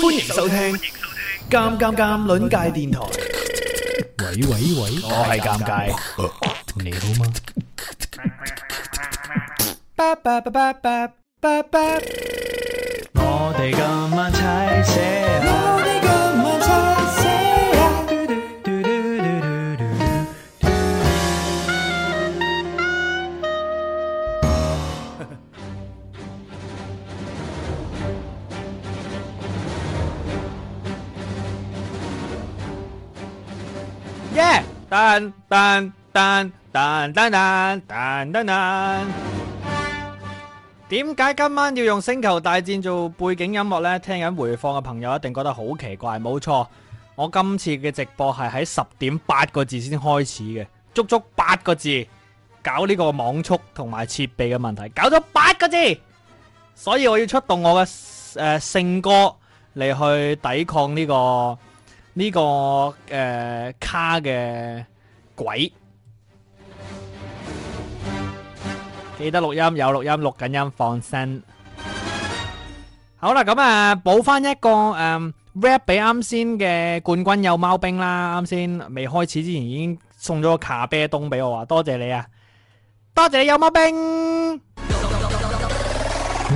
歡迎收聽《尷尷尷》輪界電台。喂喂喂，我係尷尬，你好嗎？我哋今晚齊寫。噔噔噔，點解今晚要用《星球大戰》做背景音樂呢？聽緊回放嘅朋友一定覺得好奇怪。冇錯，我今次嘅直播係喺十點八個字先開始嘅，足足八個字搞呢個網速同埋設備嘅問題，搞咗八個字，所以我要出動我嘅誒聖歌嚟，去抵抗呢、這個呢、這個誒、呃、卡嘅。鬼記得錄音有錄音錄緊音，錄音放聲，好啦咁啊補翻一個、嗯、rap 俾啱先嘅冠軍有貓兵啦，啱先未開始之前已經送咗個卡啤凍俾我話，多謝你啊，多謝有貓兵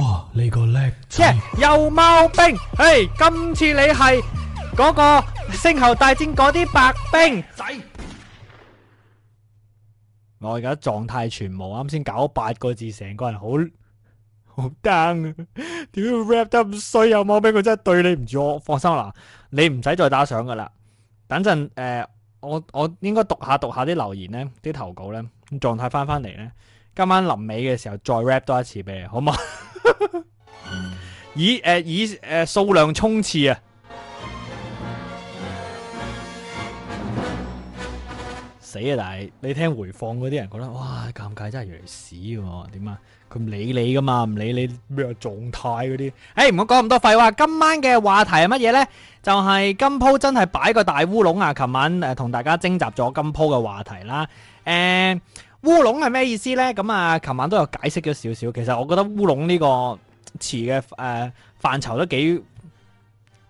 哇，你個叻仔 yeah, 有貓兵誒、hey, 今次你係嗰個星球大戰嗰啲白兵仔。我而家狀態全無，啱先搞咗八個字，成個人好好 down 啊！點解 rap 得咁衰？有冇俾佢真係對你唔住我，放心啦，你唔使再打賞噶啦。等陣誒、呃，我我應該讀下讀下啲留言咧，啲投稿咧，咁狀態翻翻嚟咧，今晚臨尾嘅時候再 rap 多一次俾你，好嘛、 嗯呃？以誒以誒數量衝刺啊！死啊！但係你聽回放嗰啲人覺得哇，尷尬真係越嚟越屎嘅，點啊？佢唔、啊、理你噶嘛，唔理你咩狀態嗰啲。誒，唔好講咁多廢話。今晚嘅話題係乜嘢咧？就係今鋪真係擺個大烏龍啊！琴晚誒同、呃、大家徵集咗今鋪嘅話題啦。誒、呃，烏龍係咩意思咧？咁、嗯、啊，琴晚都有解釋咗少少。其實我覺得烏龍呢個詞嘅誒範疇都幾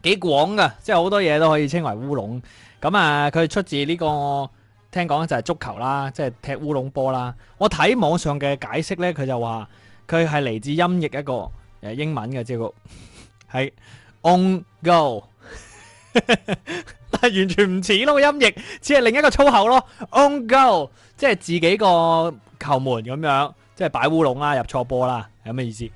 幾廣噶，即係好多嘢都可以稱為烏龍。咁、嗯、啊，佢、呃、出自呢、這個。聽講就係足球啦，即係踢烏龍波啦。我睇網上嘅解釋呢，佢就話佢係嚟自音譯一個誒英文嘅，即係係 on go 但係完全唔似咯，音譯只係另一個粗口咯。on go 即係自己個球門咁樣，即係擺烏龍啦，入錯波啦，係咩意思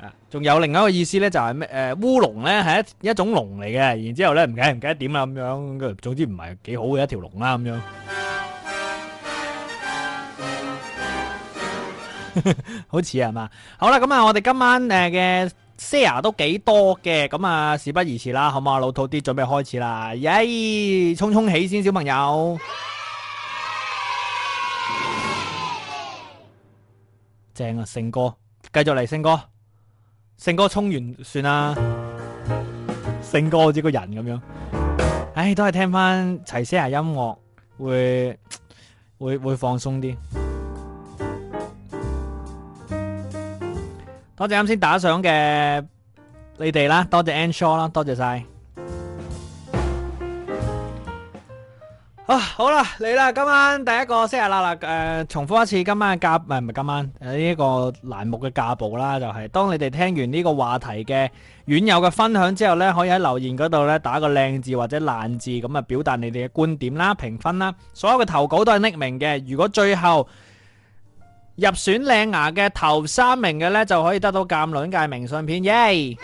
啊？仲有另外一個意思呢，就係咩誒烏龍呢係一一種龍嚟嘅，然之後呢唔記唔記得點啊咁樣，總之唔係幾好嘅一條龍啦咁樣。 好似係嘛，好啦，咁啊，我哋今晚誒嘅 share 都幾多嘅，咁啊，事不宜遲啦，好嘛，老土啲準備開始啦，耶！衝衝起先，小朋友，Yeah! 正啊，勝哥，繼續嚟，勝哥，勝哥衝完算啦，勝哥好似個人咁樣，唉、哎，都係聽翻齊些牙音樂會會會放鬆啲。多謝啱先打賞嘅你哋啦，多謝 Ansho 啦，多謝晒。啊好啦，嚟啦，今晚第一個 share 啦啦，誒重複一次今晚嘅價唔係唔係今晚呢一個欄目嘅價報啦，就係當你哋聽完呢個話題嘅院友嘅分享之後咧，可以喺留言嗰度咧打個靚字或者爛字，咁啊表達你哋嘅觀點啦、評分啦，所有嘅投稿都係匿名嘅，如果最後。入選靚牙嘅頭三名嘅呢，就可以得到鑒卵界明信片，耶！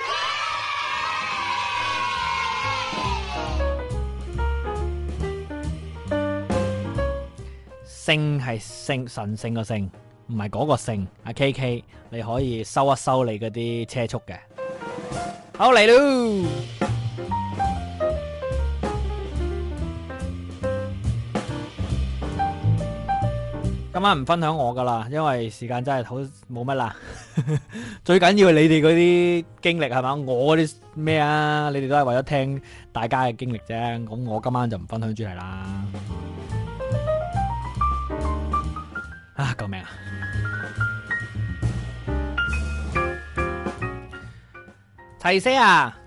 姓係姓神聖嘅姓，唔係嗰個姓。阿 KK，你可以收一收你嗰啲車速嘅，好嚟囉！今晚唔分享我噶啦，因為時間真係好冇乜啦。最緊要係你哋嗰啲經歷係嘛，我嗰啲咩啊？你哋都係為咗聽大家嘅經歷啫。咁我今晚就唔分享主題啦。啊，救命啊！齊些牙啊！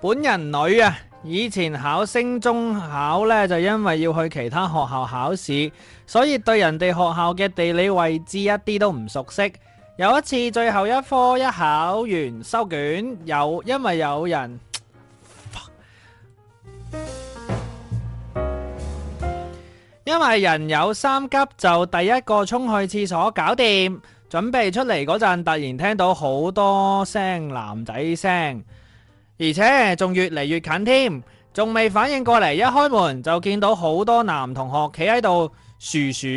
本人女啊！以前考升中考呢，就因為要去其他學校考試，所以對人哋學校嘅地理位置一啲都唔熟悉。有一次最後一科一考完收卷，有因為有人，因為人有三急，就第一個衝去廁所搞掂，準備出嚟嗰陣，突然聽到好多聲男仔聲。而且仲越嚟越近添，仲未反應過嚟，一開門就見到好多男同學企喺度薯鼠，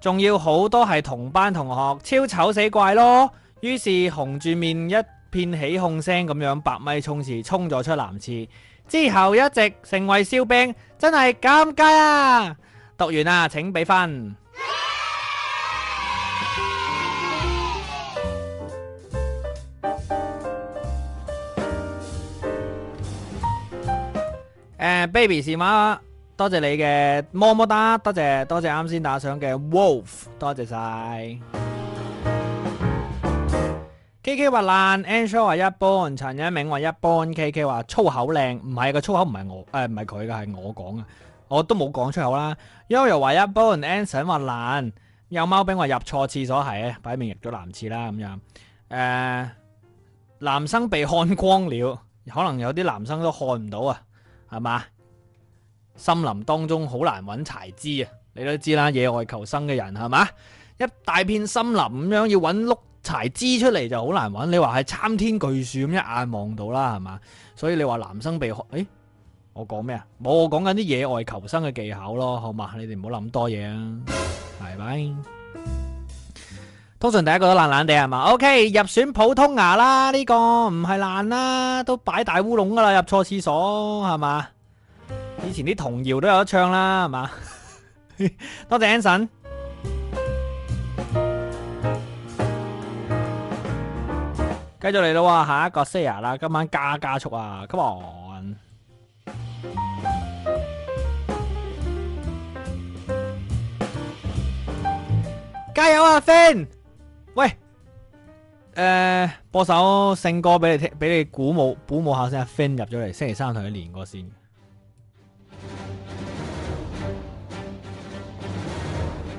仲要好多係同班同學，超醜死怪咯！於是紅住面，一片起哄聲咁樣百米衝刺，衝咗出男廁，之後一直成為笑柄，真係尷尬啊！讀完啦，請俾分。誒、uh，baby 是嗎？多謝你嘅麼麼噠，多謝多謝啱先打賞嘅 wolf，多謝晒。K K 話爛，Andrew 話一般，陳一鳴話一般，K K 話粗口靚，唔係個粗口唔係我誒唔係佢嘅係我講啊，我都冇講粗口啦。悠悠話一般，Anson 話爛，有貓兵話入錯廁所係，擺明入咗男廁啦咁樣。誒、呃，男生被看光了，可能有啲男生都看唔到啊。係嘛？森林當中好難揾柴枝啊！你都知啦，野外求生嘅人係嘛？一大片森林咁樣要揾碌柴枝出嚟就好難揾。你話係參天巨樹咁一眼望到啦，係嘛？所以你話男生被學？誒、欸，我講咩啊？冇，我講緊啲野外求生嘅技巧咯，好嘛？你哋唔好諗咁多嘢啊，係咪？通常第一個都爛爛地係嘛，OK，入選普通牙啦，呢個唔係爛啦，都擺大烏龍噶啦，入錯廁所係嘛？以前啲童謠都有得唱啦係嘛？是 多謝 Anson 繼續嚟啦喎，下一個 Sia 啦，今晚加加速啊，Come on，加油啊，Fan！喂，誒、呃，播首聖歌俾你聽，俾你鼓舞鼓舞下先。阿 Fin 入咗嚟，星期三同佢練過先。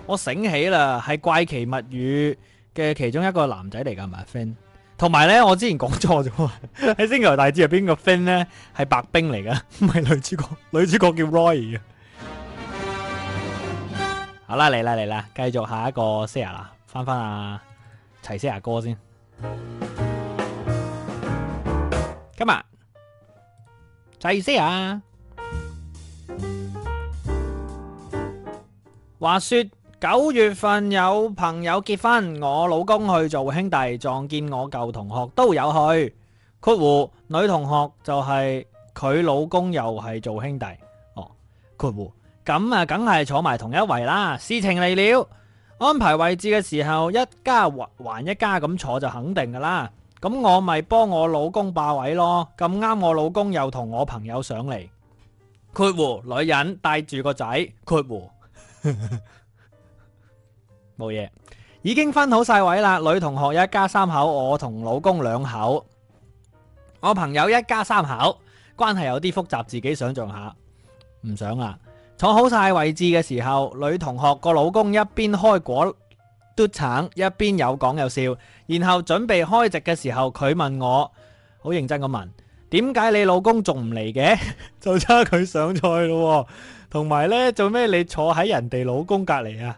我醒起啦，係怪奇物語嘅其中一個男仔嚟噶，唔係 Fin。同埋咧，我之前講錯咗，喺 星球大戰入邊個 Fin 咧？係白兵嚟噶，唔係女主角。女主角叫 Roy 嘅。 好啦，嚟啦嚟啦，繼續下一個 set 啦，翻翻啊！齊些牙阿哥先。今日齊些牙啊。話說九月份有朋友結婚，我老公去做兄弟，撞見我舊同學都有去。括弧女同學就係佢老公又係做兄弟。哦，括弧咁啊，梗係坐埋同一圍啦。事情嚟了。安排位置嘅時候，一家還一家咁坐就肯定㗎啦。咁我咪幫我老公霸位咯。咁啱我老公又同我朋友上嚟，括弧女人帶住個仔，括弧冇嘢，已經分好晒位啦。女同學一家三口，我同老公兩口，我朋友一家三口，關係有啲複雜，自己想象下，唔想啦。坐好晒位置嘅時候，女同學個老公一邊開果嘟橙，一邊有講有笑。然後準備開席嘅時候，佢問我，好認真咁問，點解你老公仲唔嚟嘅？ 就差佢上菜咯，哦。同埋呢，做咩你坐喺人哋老公隔籬啊？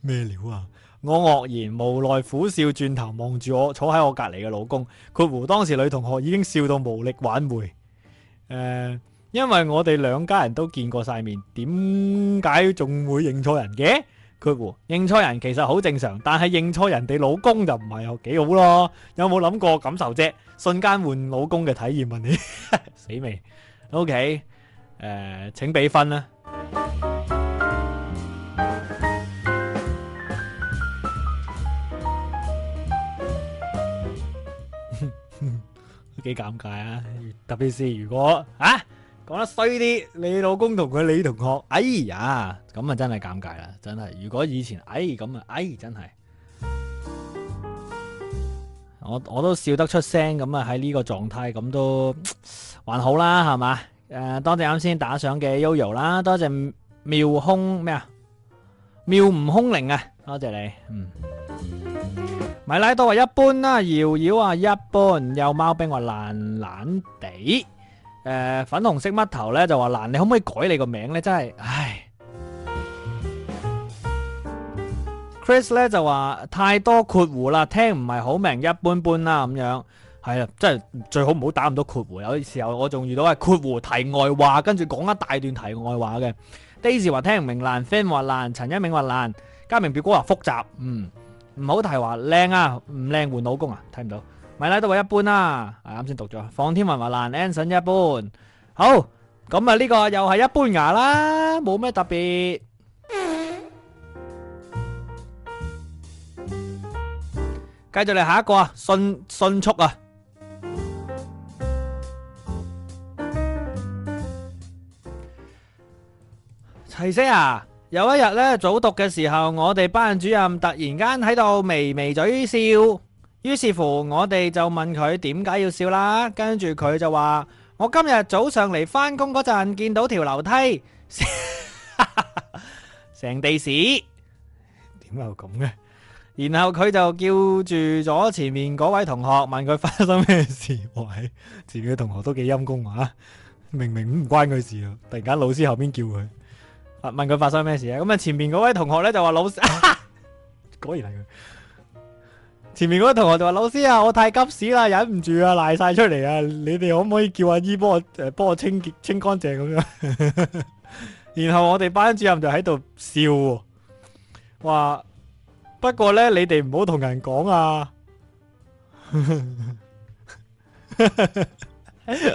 咩料啊？我愕然，無奈苦笑，轉頭望住我坐喺我隔籬嘅老公。括弧當時女同學已經笑到無力挽回。誒、呃。因為我哋兩家人都見過晒面，點解仲會認錯人嘅？佢話認錯人其實好正常，但係認錯人哋老公就唔係有幾好咯？有冇諗過感受啫？瞬間換老公嘅體驗問你死未？OK，誒，請俾分啦。都幾尷尬啊！特別是如果啊～講得衰啲，你老公同佢你同學，哎呀，咁啊真係尷尬啦，真係。如果以前，哎呀，咁啊，哎呀，真係，我我都笑得出聲，咁啊喺呢個狀態，咁都還好啦，係嘛？誒、呃，多謝啱先打賞嘅悠悠啦，多謝妙空咩啊？妙悟空靈啊，多謝你。嗯，米拉多話一般啦，瑤瑤啊一般，有貓兵話懶懶地。誒、呃，粉紅色乜頭咧就話爛，你可唔可以改你個名咧？真係，唉 ，Chris 咧就話太多括弧啦，聽唔係好明，一般般啦咁樣，係啊，真係最好唔好打咁多括弧。有啲時候我仲遇到係括弧題外話，跟住講一大段題外話嘅。Daisy 話聽唔明爛，Fan 話爛，陳一明話爛，家明表哥話複雜，嗯，唔好題話靚啊，唔靚換老公啊，睇唔到。米拉都話一般啦，係啱先讀咗，放天云話爛，Anson 一般，好，咁啊，呢個又係一般牙啦，冇咩特別。繼續嚟下一個啊，迅迅速啊！齊星啊，有一日咧早讀嘅時候，我哋班主任突然間喺度微微嘴笑。於是乎，我哋就問佢點解要笑啦。跟住佢就話：我今日早上嚟翻工嗰陣，見到條樓梯，成地屎，點解咁嘅？然後佢就叫住咗前面嗰位同學，問佢發生咩事。喂，前面嘅同學都幾陰功啊！明明唔關佢事啊，突然間老師後邊叫佢，問佢發生咩事啊？咁啊，前面嗰位同學咧就話老師，果然係佢。前面嗰個同學就話：老師啊，我太急屎啦，忍唔住啊，瀨晒出嚟啊！你哋可唔可以叫阿姨幫我誒，幫、呃、我清潔清乾淨咁樣？ 然後我哋班主任就喺度笑，話不過呢，你哋唔好同人講啊，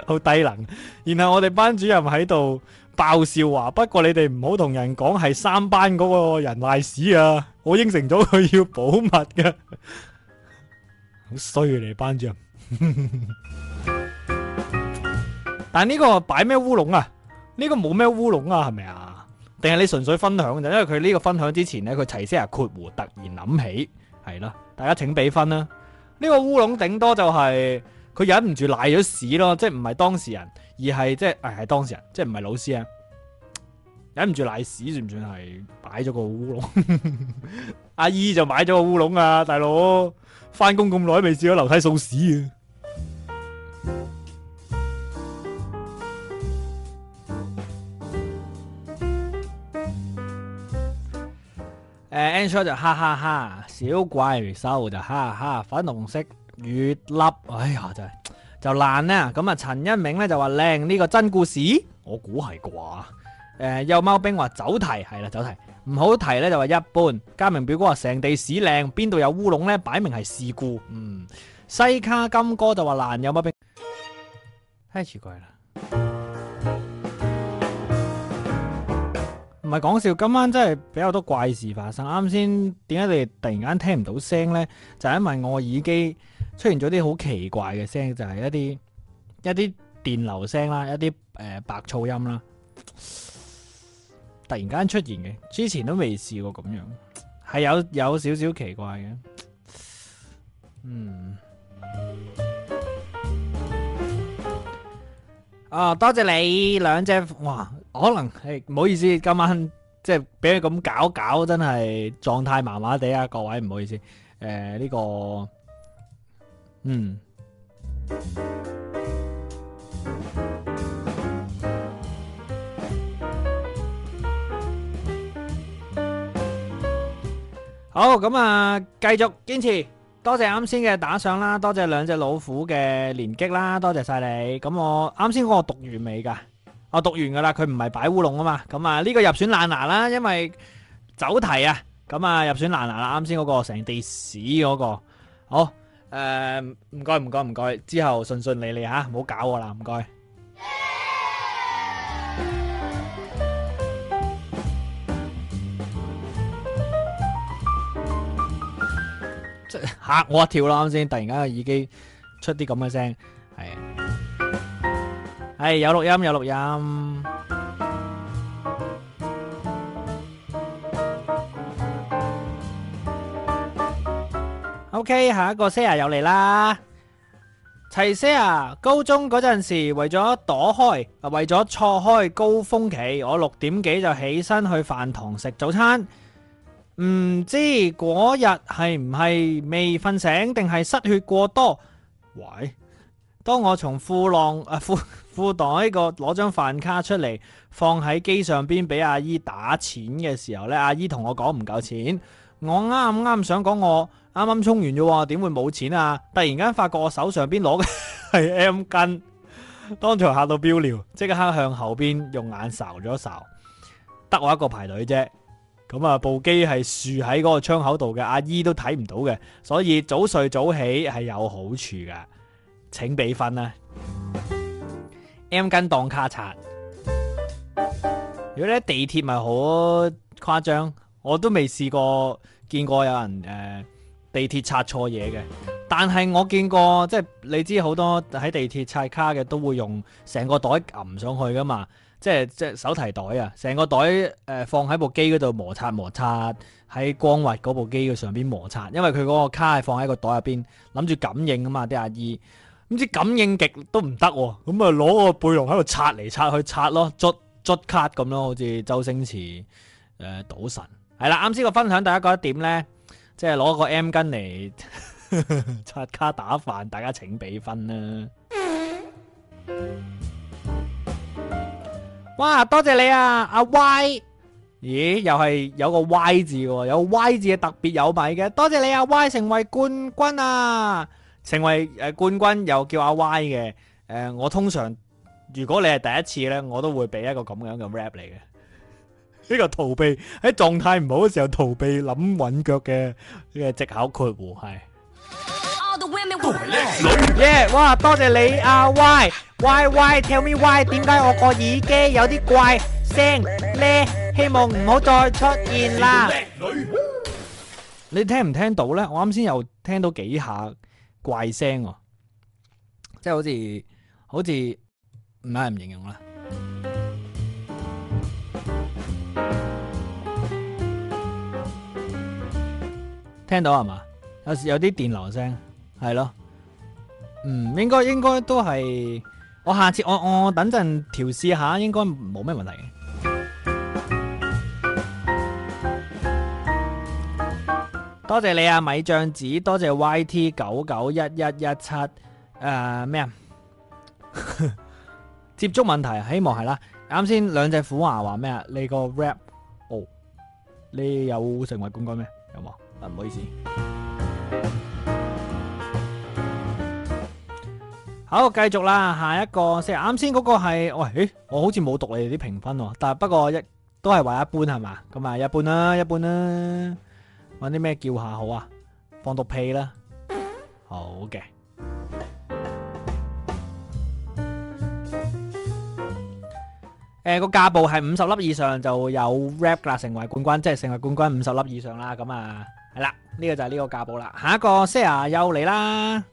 好 低能。然後我哋班主任喺度爆笑話：不過你哋唔好同人講係三班嗰個人瀨屎啊！我應承咗佢要保密嘅。好衰啊！你班長，呵呵但係呢個擺咩烏龍啊？呢、這個冇咩烏龍啊？係咪啊？定係你純粹分享啫？因為佢呢個分享之前咧，佢齊先係括弧突然諗起，係啦，大家請俾分啦。呢、這個烏龍頂多就係、是、佢忍唔住瀨咗屎咯，即係唔係當事人，而係即係誒係當事人，即係唔係老師啊？忍唔住瀨屎算唔算係擺咗個烏龍？呵呵阿姨就買咗個烏龍啊，大佬。翻工咁耐都未試過樓梯掃屎啊！誒，Angela 就哈哈哈，小怪獸就哈哈，粉紅色月粒，哎呀真係就爛咧。咁啊，陳一鳴咧就話靚呢個真故事，我估係啩。誒，有貓兵話走題，係啦，走題。唔好提咧，就話一般。家明表哥話成地屎靚，邊度有烏龍咧？擺明係事故。嗯，西卡金哥就話爛，有乜病？太、哎、奇怪啦！唔係講笑，今晚真係比較多怪事發生。啱先點解你突然間聽唔到聲呢？就係、是、因為我耳機出現咗啲好奇怪嘅聲，就係、是、一啲一啲電流聲啦，一啲誒、呃、白噪音啦。突然間出現嘅，之前都未試過咁樣，係有有少少奇怪嘅。嗯，啊，哦，多謝你兩隻，哇，可能係欸，唔好意思，今晚即係俾佢咁搞搞，真係狀態麻麻地啊，各位唔好意思，誒，呃，呢個，嗯。好，咁啊，繼續堅持，多謝啱先嘅打賞啦，多謝兩隻老虎嘅連擊啦，多謝晒你。咁我啱先嗰個讀完未噶？我讀完噶啦，佢唔係擺烏龍啊嘛。咁啊呢個入選爛牙啦，因為走題啊。咁啊入選爛牙啦，啱先嗰個成地屎嗰個。好誒，唔該唔該唔該，之後順順利利吓，唔好搞我啦，唔該。吓我一跳啦啱先，突然間耳機出啲咁嘅聲，係，係有錄音有錄音。OK，下一個些牙又嚟啦。齊些牙，高中嗰陣時為咗躲開，為咗錯開高峰期，我六點幾就起身去飯堂食早餐。唔知嗰日係唔係未瞓醒，定係失血過多？喂！當我從褲浪誒褲褲袋、呢個攞張飯卡出嚟放喺機上邊俾阿姨打錢嘅時候呢，阿姨同我講，唔夠錢。我啱啱想講，我啱啱充完咋？點會冇錢啊？突然間發覺我手上邊攞嘅係 M 巾，當場嚇到飆尿，即刻向後邊用眼睄咗睄，得我一個排隊啫。咁啊，那部機係豎喺嗰個窗口度嘅，阿姨都睇唔到嘅，所以早睡早起係有好處噶，請俾分啦。M 巾當卡刷。如果咧，地鐵咪好誇張，我都未試過見過有人誒、呃、地鐵刷錯嘢嘅，但係我見過，即係你知好多喺地鐵刷卡嘅都會用成個袋撳上去噶嘛。即係即係手提袋啊！成個袋誒放喺部機嗰度摩擦摩擦，喺光滑嗰部機嘅上邊摩擦，因為佢嗰個卡係放喺個袋入邊，諗住感應啊嘛，啲阿姨，唔知感應極都唔得喎，咁啊攞個背囊喺度刷嚟刷去刷咯，捽捽卡咁咯，好似周星馳誒、呃、賭神。係啦，啱先個分享大家覺得點咧？即係攞個 M 巾嚟刷卡打飯，大家請俾分啦。嗯哇，多謝你啊，阿 Y，咦，又係有個 Y 字喎，有個 Y 字係特別有米嘅，多謝你阿、啊、Y 成為冠軍啊，成為誒、呃、冠軍又叫阿 Y 嘅，誒、呃，我通常如果你係第一次呢，我都會俾一個咁樣嘅 rap 嚟嘅。呢個逃避喺狀態唔好嘅時候逃避諗搵腳嘅，呢個借口括弧係。耶！哇，多謝你啊，Why？Why？Why？Tell me why？點解我個耳機有啲怪聲咧？希望唔好再出現啦！你聽唔聽到咧？我啱先又聽到幾下怪聲哦，即係好似好似唔係唔形容啦！聽到係嘛？有有啲電流聲。係咯，嗯，應該應該都係，我下次我我等陣調試下，應該冇咩問題嘅。多謝你啊，米醬子，多謝 Y T 九九一一一七，誒咩啊？ 接觸問題，希望係啦，啊。啱先兩隻虎牙話咩啊？你個 rap，哦，你有成為冠軍咩？有冇？啊，唔好意思。好，繼續啦，下一個 Sir，啱先嗰個係，喂，誒,我好似冇讀你哋啲評分喎，啊，但不過一都係話一般係嘛，咁啊，一般啦，一般啦，揾啲咩叫下好啊，放毒屁啦，好嘅，誒、欸，個架布係五十粒以上就有 rap 啦，成為冠軍，即係成為冠軍五十粒以上啦，咁啊，係啦，呢、呢個就係呢個架布啦，下一個 Sir 又嚟啦。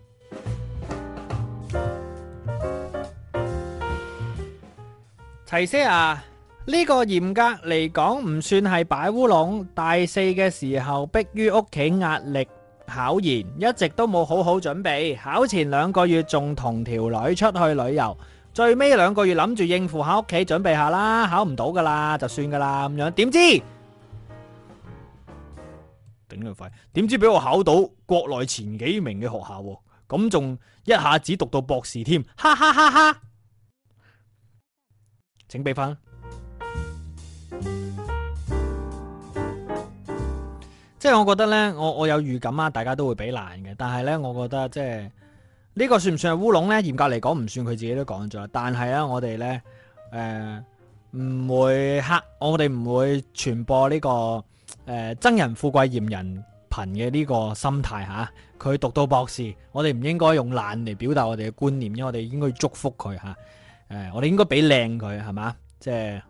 齊些啊，呢個嚴格嚟講唔算係擺烏龍。大四嘅時候，迫於屋企壓力考研，一直都冇好好準備。考前兩個月仲同條女出去旅遊，最尾兩個月諗住應付下屋企準備下啦，考唔到噶啦，就算噶啦咁樣。點知頂兩快！點知俾我考到國內前幾名嘅學校？咁仲一下子讀到博士添？哈哈哈哈！請俾分，即係我覺得呢，我我有預感啊，大家都會俾爛嘅。但係呢，我覺得即係呢、這個算唔算係烏龍呢？嚴格嚟講，唔算。佢自己都講咗，但係咧，我哋呢，誒、呃，唔會黑，我哋唔會傳播呢、這個誒、呃，憎人富貴嫌人貧嘅呢個心態吓。佢讀到博士，我哋唔應該用爛嚟表達我哋嘅觀念，因為我哋應該祝福佢吓。誒、嗯，我哋應該俾靚佢係嘛？即係、就是、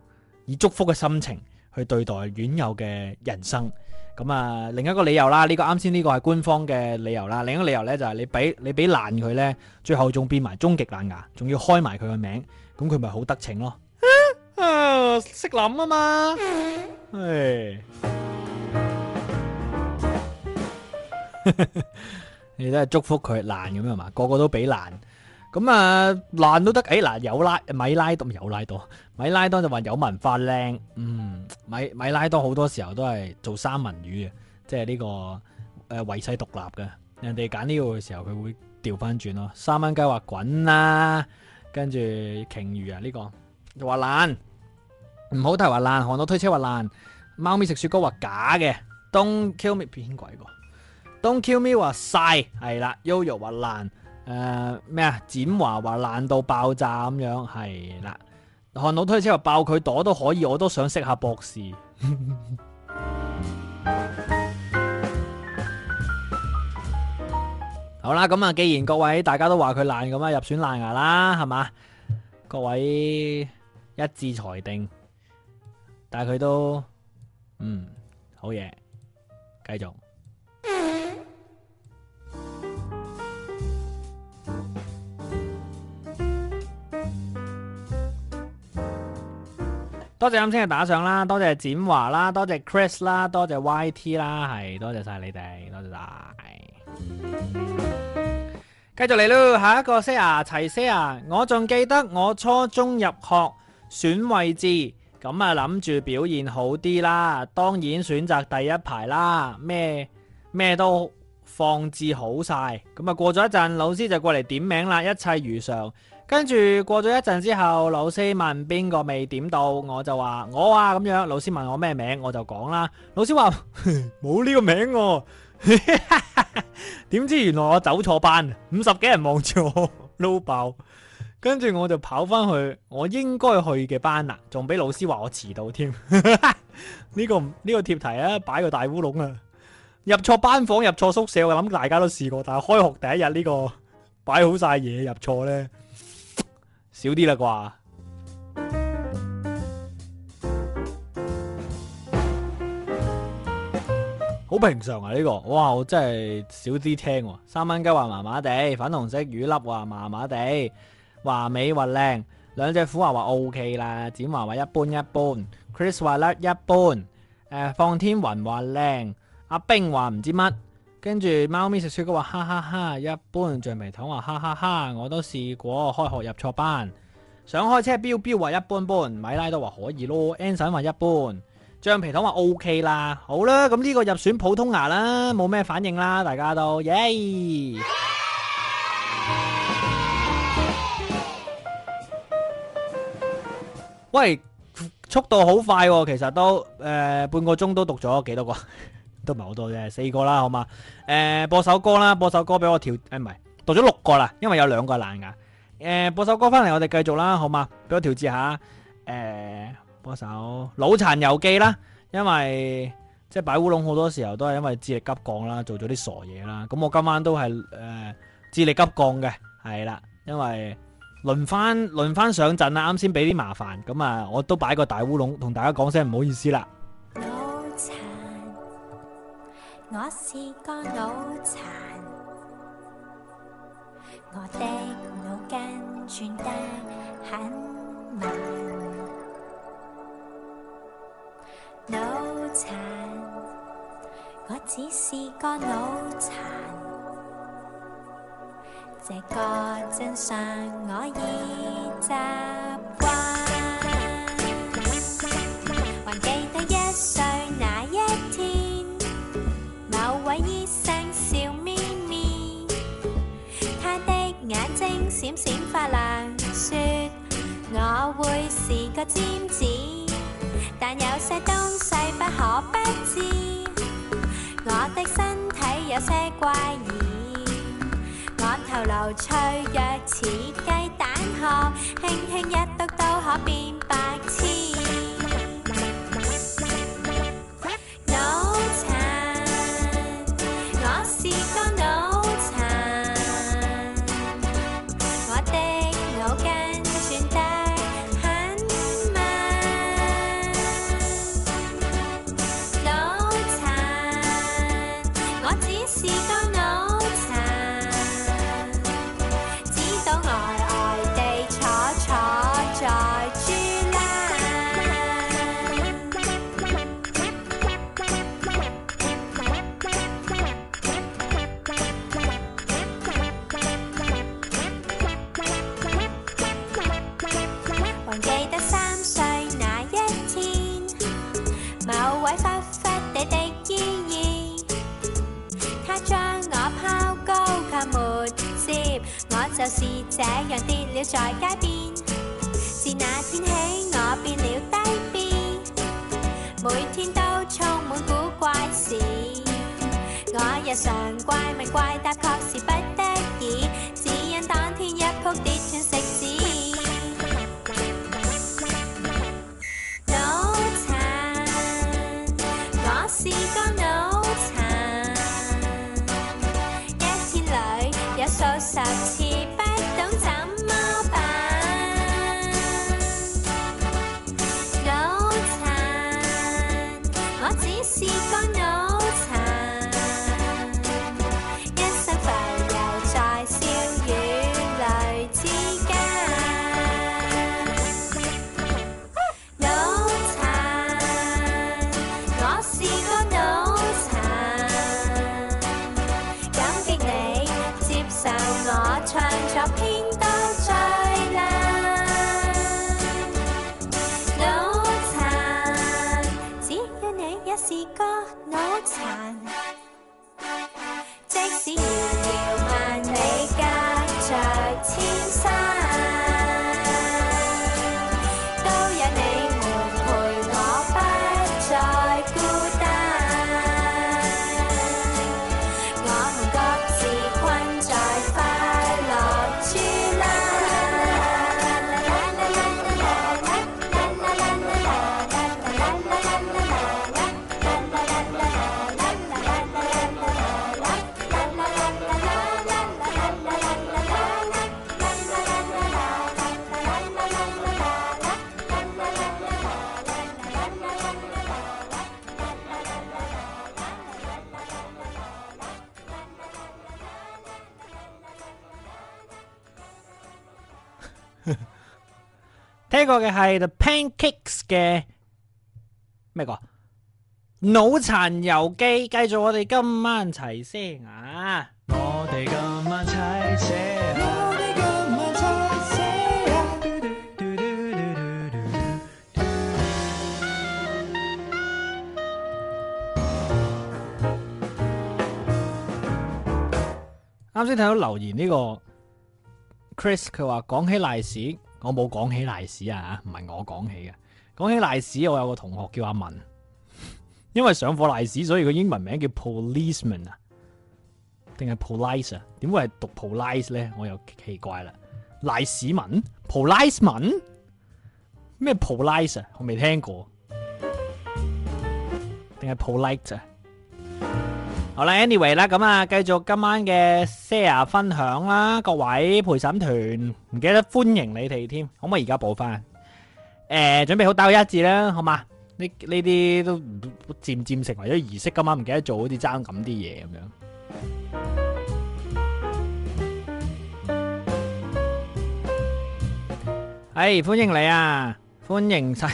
以祝福嘅心情去對待院友嘅人生。咁啊，另一個理由啦，呢、這個啱先呢個係官方嘅理由啦。另一個理由呢，就係、是、你俾你俾爛佢呢，最後仲變埋終極爛牙，仲要開埋佢嘅名，咁佢咪好得逞咯啊？啊，識諗啊嘛！誒唉， 你都係祝福佢爛咁啊嘛，個個都俾爛。咁啊爛都得，哎、欸、嗱有拉米拉多有拉多，米拉多就話有文化靚，嗯，米米拉多好多時候都係做三文魚嘅，即係呢、這個誒、呃、為世獨立嘅，人哋揀呢個嘅時候佢會調翻轉咯，三蚊雞話滾啦，跟住鯨魚啊呢、這個，又話爛，唔好提話爛，韓都推車話爛，貓咪食雪糕話假嘅，Don't kill me 變鬼喎 Don't kill me 話晒係啦，Yo yo 話爛。誒咩啊？展華話爛到爆炸咁樣，係啦。漢老推車話爆佢朵都可以，我都想識下博士。呵呵 好啦，咁啊，既然各位大家都話佢爛，咁啊入選爛牙啦，係嘛？各位一致裁定，但係佢都嗯好嘢，繼續。嗯多謝啱先嘅打賞啦，多謝展華啦，多謝 Chris 啦，多謝 YT 啦，係多謝晒你哋，多謝晒。繼續嚟咯，下一個 Sir 齊 Sir，我仲記得我初中入學選位置，咁啊諗住表現好啲啦，當然選擇第一排啦，咩咩都。放置好晒，咁啊過咗一陣，老師就過嚟點名啦，一切如常。跟住過咗一陣之後，老師問邊個未點到，我就話我啊咁樣。老師問我咩名，我就講啦。老師話冇呢個名，啊，點 知原來我走錯班，五十幾人望住我撈爆。跟住我就跑翻去我應該去嘅班啦，仲俾老師話我遲到添。呢、 呢個呢、呢個貼題啊，擺個大烏龍啊！入錯班房，入錯宿舍，我諗大家都試過。但係開學第一日，這個，呢個擺好晒嘢入錯咧，少啲啦啩。好 平常啊呢，這個哇，我真係少啲聽、啊、三蚊雞話麻麻地，粉紅色魚粒話麻麻地，話美話靚，兩隻虎話話 O K 啦，展華話一般一般，Chris 話叻一般，誒、呃，放天雲話靚。阿冰話唔知乜，跟住貓咪食雪糕話哈,哈哈哈，一般橡皮糖話哈,哈哈哈，我都試過開學入錯班，想開車標標話一般般，米拉都話可以咯，Anson 話一般，橡皮糖話 OK 啦，好啦，咁呢個入選普通牙啦，冇咩反應啦，大家都耶。Yeah! 啊、喂，速度好快、哦，其實都誒、呃、半個鐘都讀咗幾多個。都唔係好多啫，四個啦，好嘛？誒、呃，播首歌啦，播首歌俾我調，誒唔係，讀咗六個啦，因為有兩個爛噶。誒、呃，播首歌翻嚟，我哋繼續啦，好嘛？俾我調節下。誒、呃，播首《腦殘遊記》啦，因為即係、就是、擺烏龍好多時候都係因為智力急降啦，做咗啲傻嘢啦。咁我今晚都係誒、呃、智力急降嘅，係啦，因為輪翻輪翻上陣啦，啱先俾啲麻煩，咁啊，我都擺個大烏龍，同大家講聲唔好意思啦。我是個腦殘，我的腦筋轉得很慢。腦殘，我只是個腦殘，這個真相我已習慣。我會是個尖子，但有些東西不可不知。我的身體有些怪異，我頭顱脆弱似雞蛋殼，輕輕一篤都可變白痴。就是這樣跌了在街邊，是那天起我變了低 B，每天都充滿古怪事。我日常怪咪怪，但確實不得已。呢個嘅係 the pancakes 嘅咩個腦殘遊記，繼續我哋今晚齊聲啊！我哋今晚齊聲，我哋今晚齊聲，啱先睇到留言，呢個 Chris 佢話講起瀨屎。我冇講起賴屎啊！唔係我講起嘅，講起賴屎我有個同學叫阿文，因為上課賴屎，所以佢英文名叫 policeman 啊，定係 police 啊？點會係讀 police 咧？我又奇怪啦，賴屎文 policeman 咩 police 啊？Pol pol 我未聽過，定係 polite 啊？好啦，anyway 啦，咁啊，繼續今晚嘅 share 分享啦，各位陪審團，唔記得歡迎你哋添，可唔可以而家補翻？誒，準備好打個一字啦，好嘛？呢呢啲都漸漸成為咗儀式，今晚唔記得做，好似爭咁啲嘢咁樣。誒，歡迎你啊，歡迎晒，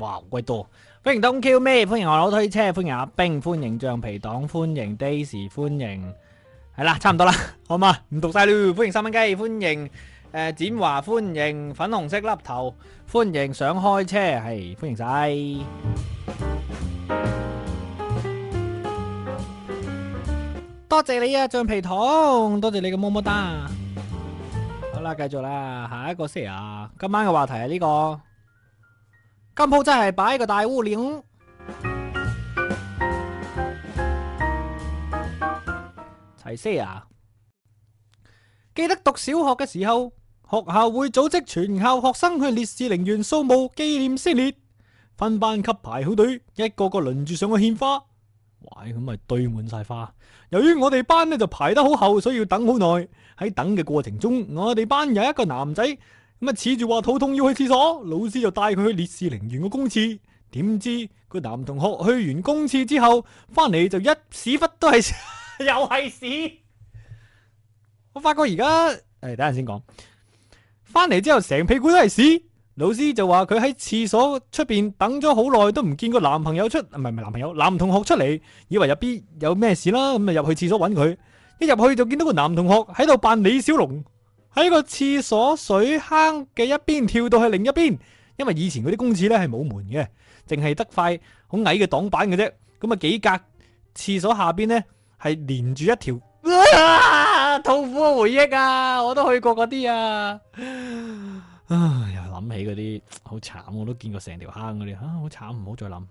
哇，好鬼多！歡迎東 Q 咩？歡迎我佬推車，歡迎阿冰，歡迎橡皮黨，歡迎 Daisy 歡迎係啦，差唔多啦，好嘛？唔讀晒啦，歡迎三蚊雞，歡迎誒、呃、展華，歡迎粉紅色粒頭，歡迎想開車係，歡迎晒，多謝你啊橡皮糖，多謝你嘅麼么噠。好啦，繼續啦，下一個先啊，今晚嘅話題係呢、這個。今鋪真係擺個大烏龍，齊些牙啊！記得讀小學嘅時候，學校會組織全校學生去烈士陵園掃墓紀念先烈，分班級排好隊，一個個輪住上去獻花。哇！咁咪堆滿晒花。由於我哋班呢就排得好後，所以要等好耐。喺等嘅過程中，我哋班有一個男仔。咁啊，恃住話肚痛要去廁所，老師就帶佢去烈士陵園嘅公廁。點知個男同學去完公廁之後，翻嚟就一屎忽都係， 又係屎。我發覺而家誒，等陣先講。翻嚟之後，成屁股都係屎。老師就話佢喺廁所出邊等咗好耐，都唔見個男朋友出，唔係唔係男朋友，男同學出嚟，以為入邊有咩事啦，咁啊入去廁所揾佢。一入去就見到個男同學喺度扮李小龍。喺個廁所水坑嘅一邊跳到去另一邊，因為以前嗰啲公廁咧係冇門嘅，淨係得塊好矮嘅擋板嘅啫。咁啊幾格廁所下邊咧係連住一條痛苦嘅回憶啊！我都去過嗰啲啊，唉，又諗起嗰啲好慘，我都見過成條坑嗰啲啊，好慘，唔好再諗。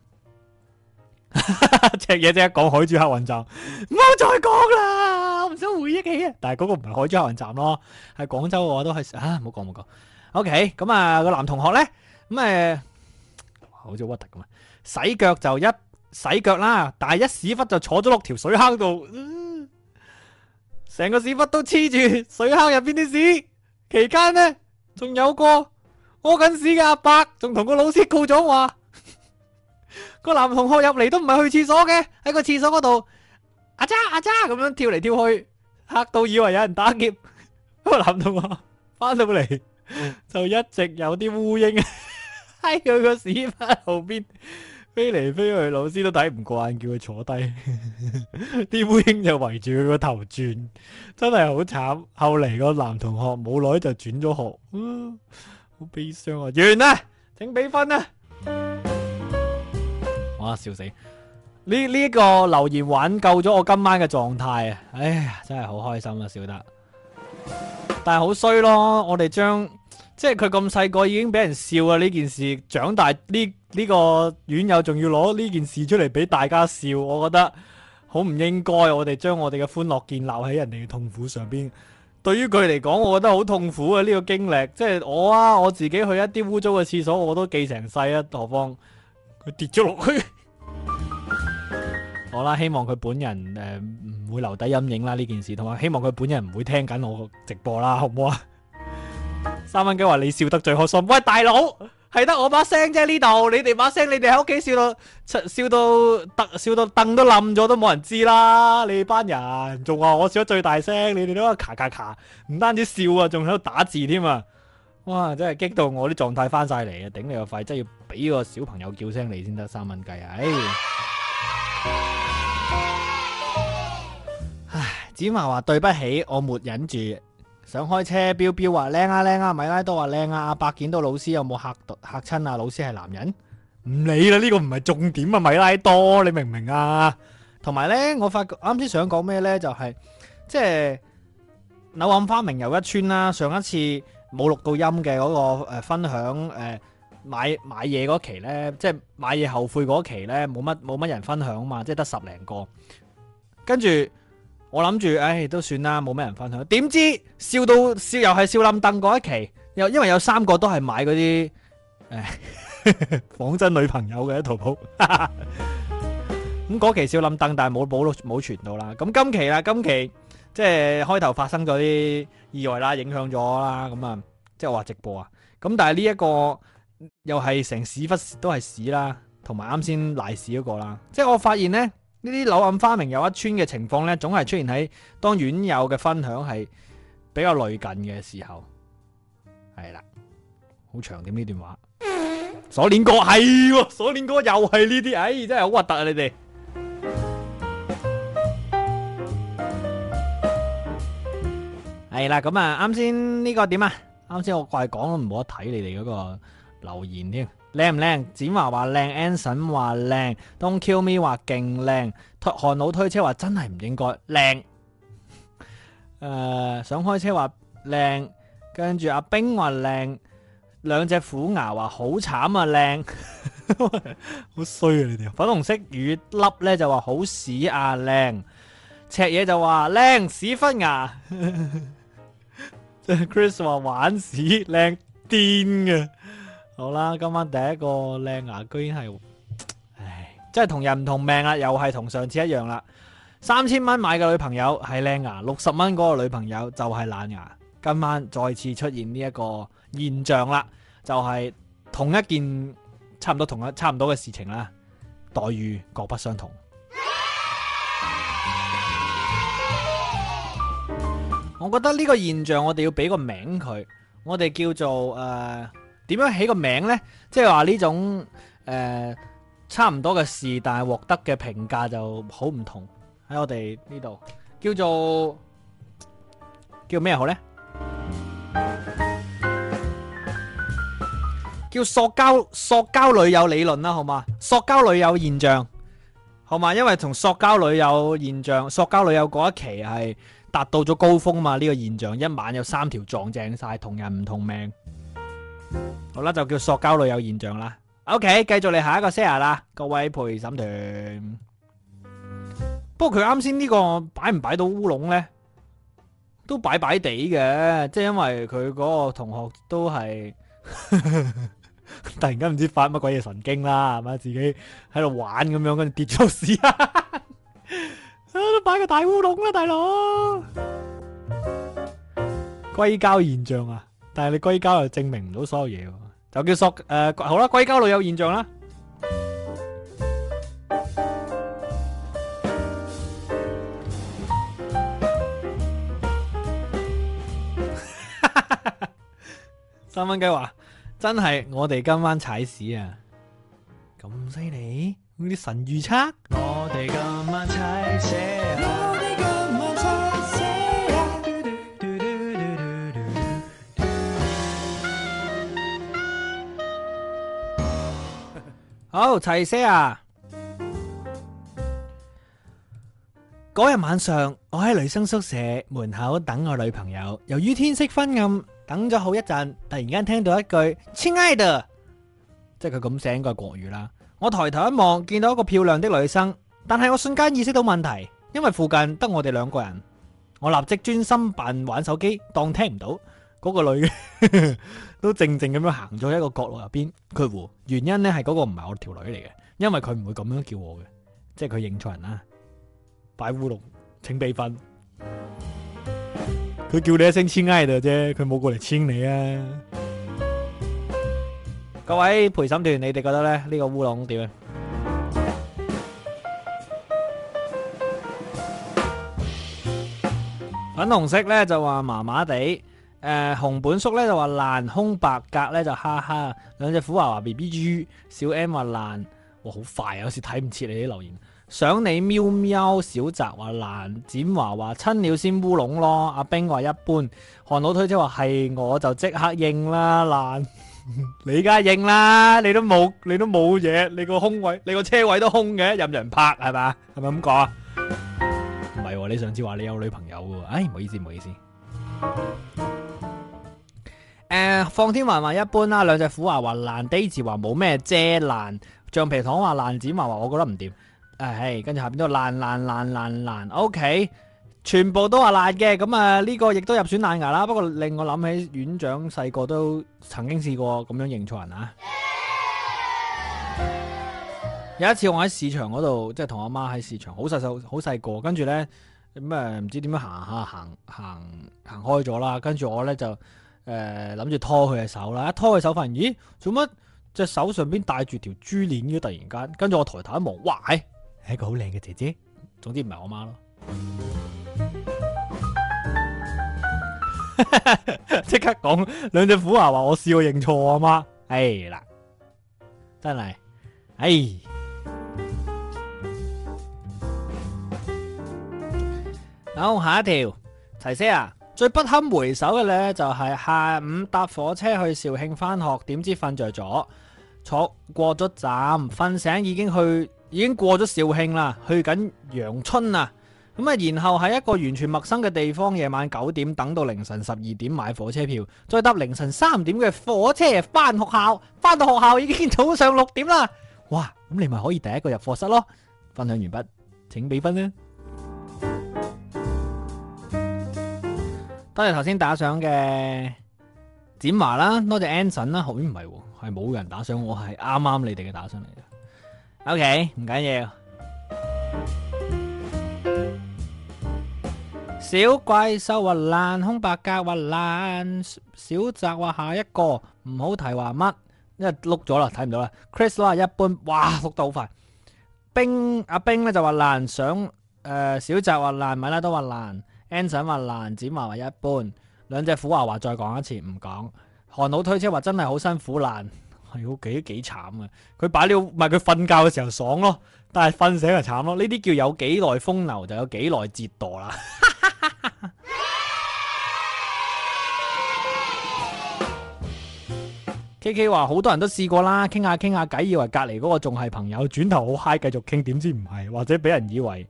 只嘢即刻講海珠客運站，唔好再講啦。我唔想回憶起啊，但係嗰個唔係海珠客運站咯，喺廣州嘅話都係啊，唔好講唔好講。O K，咁啊個男同學咧咁誒，好似核突咁啊，洗腳就一洗腳啦，但係一屎忽就坐咗落條水坑度，成、嗯、個屎忽都黐住水坑入邊啲屎。期間咧仲有個屙緊屎嘅阿伯，仲同個老師告狀話呵呵、個男同學入嚟都唔係去廁所嘅，喺個廁所嗰度。阿、啊、渣阿、啊、渣咁樣跳嚟跳去，嚇到以為有人打劫。 個男同學翻到嚟、哦、 就一直有啲烏蠅喺佢個屎忽後邊飛嚟飛去，老師都睇唔慣，叫佢坐低。啲烏蠅就圍住佢個頭轉，真係好慘。後嚟個男同學冇耐就轉咗學， 嗯、好悲傷啊！完啦，請俾分啦，啊。哇，笑死！呢呢個留言挽救咗我今晚嘅狀態啊！哎真係好開心啊，笑得但係好衰咯。我哋將即係佢咁細個已經俾人笑啊呢件事，長大呢呢個院友仲要攞呢件事出嚟俾大家笑，我覺得好唔應該。我哋將我哋嘅歡樂建立喺人哋嘅痛苦上邊，對於佢嚟講，我覺得好痛苦啊！呢個經歷，即係我啊，我自己去一啲污糟嘅廁所，我都記成世啊，何況佢跌咗落去。我啦，希望佢本人誒唔、呃、會留低陰影啦呢件事，同埋希望佢本人唔會聽緊我直播啦，好唔好啊？三蚊雞話你笑得最開心，喂大佬，係得我把聲啫呢度，你哋把聲，你哋喺屋企笑到笑到凳笑到凳都冧咗都冇人知啦，你班人仲話我笑得最大聲，你哋都咔咔咔，唔單止笑啊，仲喺度打字添啊，哇真係激到我啲狀態翻晒嚟啊，頂你個肺，真係要俾個小朋友叫聲你先得三蚊雞啊，唉、哎！唉，子華話，對不起，我沒忍住想開車。彪彪話靚啊靚啊，米拉多話靚啊。阿伯見到老師有冇吓到吓親啊？老師係男人，唔理啦，呢個唔係重點啊。米拉多，你明唔明啊？同埋呢，我發覺啱先想講咩呢？就係即係柳暗花明又一村啦。上一次冇錄到音嘅嗰個誒、呃、分享誒。呃買買嘢嗰期咧，即係買嘢後悔嗰期咧，冇乜冇乜人分享啊嘛，即係得十零個。跟住我諗住，唉，都算啦，冇咩人分享。點知笑到笑又係笑冧燈嗰一期，又因為有三個都係買嗰啲唉仿真女朋友嘅淘寶。咁嗰期笑冧燈，但係冇補到冇傳到啦。咁今期啦，今期即係開頭發生咗啲意外啦，影響咗啦。咁啊，即係我話直播啊。咁但係呢一個。又係成屎忽都係屎啦，同埋啱先賴屎嗰個啦，即係我發現呢呢啲柳暗花明又一村嘅情況呢，總係出現喺當院友嘅分享係比較累近嘅時候，係啦，好長嘅呢段話。鎖鏈、嗯、哥係喎，鎖鏈、啊、哥又係呢啲，哎，真係好核突啊！你哋係啦，咁啊，啱先呢個點啊？啱先我怪講都唔好得睇，你哋嗰、嗰個。留言添靚唔靚？展華話靚，Anson 話靚，Don Kill Me 話勁靚，韓老推車話真係唔應該靚。誒，想、 呃、開車話靚，跟住阿冰話靚，兩隻虎牙話好慘啊靚， 好衰啊！你哋！ 粉紅色魚粒咧就話好屎啊靚，赤嘢就話靚屎忽牙 ，Chris 話玩屎靚癲啊！好啦，今晚第一個靚牙，居然係，唉，真係同人唔同命啊！又係同上次一樣啦，三千蚊買嘅女朋友係靚牙，六十蚊嗰個女朋友就係爛牙。今晚再次出現呢一個現象啦，就係、係、同一件差唔多同一，差唔多同差唔多嘅事情啦，待遇各不相同。 我覺得呢個現象我們個，我哋要俾個名佢，我哋叫做誒。呃點樣起個名呢？即係話呢種誒、呃、差唔多嘅事，但係獲得嘅評價就好唔同喺我哋呢度，叫做叫咩好呢？叫塑膠塑膠女友理論啦，好嘛？塑膠女友現象，好嘛？因為同塑膠女友現象，塑膠女友嗰一期係達到咗高峰嘛？呢個現象一晚有三條撞正晒，同人唔同命。好啦，就叫塑膠女友現象啦。OK，繼續你下一個 s a 啦，各位陪審團。不過佢啱先呢個擺唔擺到烏龍咧？都擺擺地嘅，即係因為佢嗰個同學都係 突然間唔知發乜鬼嘢神經啦，係咪自己喺度玩咁樣，跟住跌咗屎啊！ 都擺個大烏龍啦，大佬！硅膠現象啊！但係你硅膠又證明唔到所有嘢喎，就叫索誒、呃、好啦，硅膠女友現象啦。 三蚊雞話：真係我哋今晚踩屎啊！咁犀利？呢啲神預測？我哋今晚踩屎，啊。好齊些牙啊！嗰日晚上，我喺女生宿舍門口等我女朋友。由於天色昏暗，等咗好一陣，突然間聽到一句親愛的，即係佢咁寫應該係國語啦。我抬頭一望，見到一個漂亮的女生，但係我瞬間意識到問題，因為附近得我哋兩個人，我立即專心扮玩手機，當聽唔到嗰個女嘅。都靜靜咁樣行咗一個角落入邊，佢話原因咧係嗰個唔係我條女嚟嘅，因為佢唔會咁樣叫我嘅，即係佢認錯人啦。擺烏龍，請備份。佢叫你一聲親愛的啫，佢冇過嚟親你啊！各位陪審團，你哋覺得咧呢個烏龍點樣？粉紅色咧就話麻麻地。誒紅、呃、本叔咧就話爛，空白格咧就哈哈，兩隻虎娃娃 B B U，小 M 話爛，哇好快啊，好似睇唔切你啲留言。想你喵喵，小澤話爛，展華話親鳥先烏龍咯，阿冰話一般，韓老推車話係我就即刻應啦爛， 你而家應啦，你都冇你都冇嘢，你個空位你個車位都空嘅，任人拍係咪？係咪咁講啊？唔係喎，你上次話你有女朋友喎，哎，唔好意思唔好意思。誒，uh, 放天環話一般啦，兩隻虎牙話爛，D 字話冇咩遮爛，橡皮糖話爛剪話話，我覺得唔掂。誒、uh, hey，係，跟住下邊都爛爛爛爛爛，OK，全部都話爛嘅。咁啊，呢、呃這個亦都入選爛牙啦。不過令我諗起院長細個都曾經試過咁樣認錯人啊。 有一次我喺市場嗰度，即係同阿媽喺市場，好細細，好細個，跟住咧咁啊，唔知點樣行下行行行開咗啦，跟住我咧就。誒，諗住、呃、拖佢嘅手啦，一拖佢手發現，咦，做乜隻手上邊戴住條珠鏈嘅？突然間，跟住我抬頭一望，哇，係一個好靚嘅姐姐，總之唔係我媽咯。即 刻講兩隻虎牙話我笑我認錯我媽，係、哎、啦，真係，哎，好下一條，齊聲啊！最不堪回首嘅呢，就係下午搭火車去肇慶翻學，點知瞓着咗，坐過咗站，瞓醒已經去，已經過咗肇慶啦，去緊陽春啊，咁啊，然後喺一個完全陌生嘅地方，夜晚九點等到凌晨十二點買火車票，再搭凌晨三點嘅火車翻學校，翻到學校已經早上六點啦，哇，咁你咪可以第一個入課室咯。分享完畢，請俾分啦多謝頭先打賞嘅展華啦，多謝 Anson 啦，後面唔係，係冇人打賞，我係啱啱你哋嘅打賞嚟嘅。OK，唔緊要。小怪獸話爛，空白格話爛，小澤話下一個，唔好提話乜，因為碌咗啦，睇唔到啦。Chris 話，一般，哇碌得好快。冰阿冰咧就話爛，想誒小澤話爛，米拉都話爛。Anson 話爛，展華話一般，兩隻虎華話再講一次，唔講。韓老推車話真係好辛苦，爛，妖 幾幾慘啊！佢擺料，唔係佢瞓覺嘅時候爽咯，但係瞓醒就慘咯。呢啲叫有幾耐風流，就有幾耐折墮啦。 K K 話好多人都試過啦，傾下傾下偈，以為隔籬嗰個仲係朋友，轉頭好嗨繼續傾，點知唔係，或者俾人以為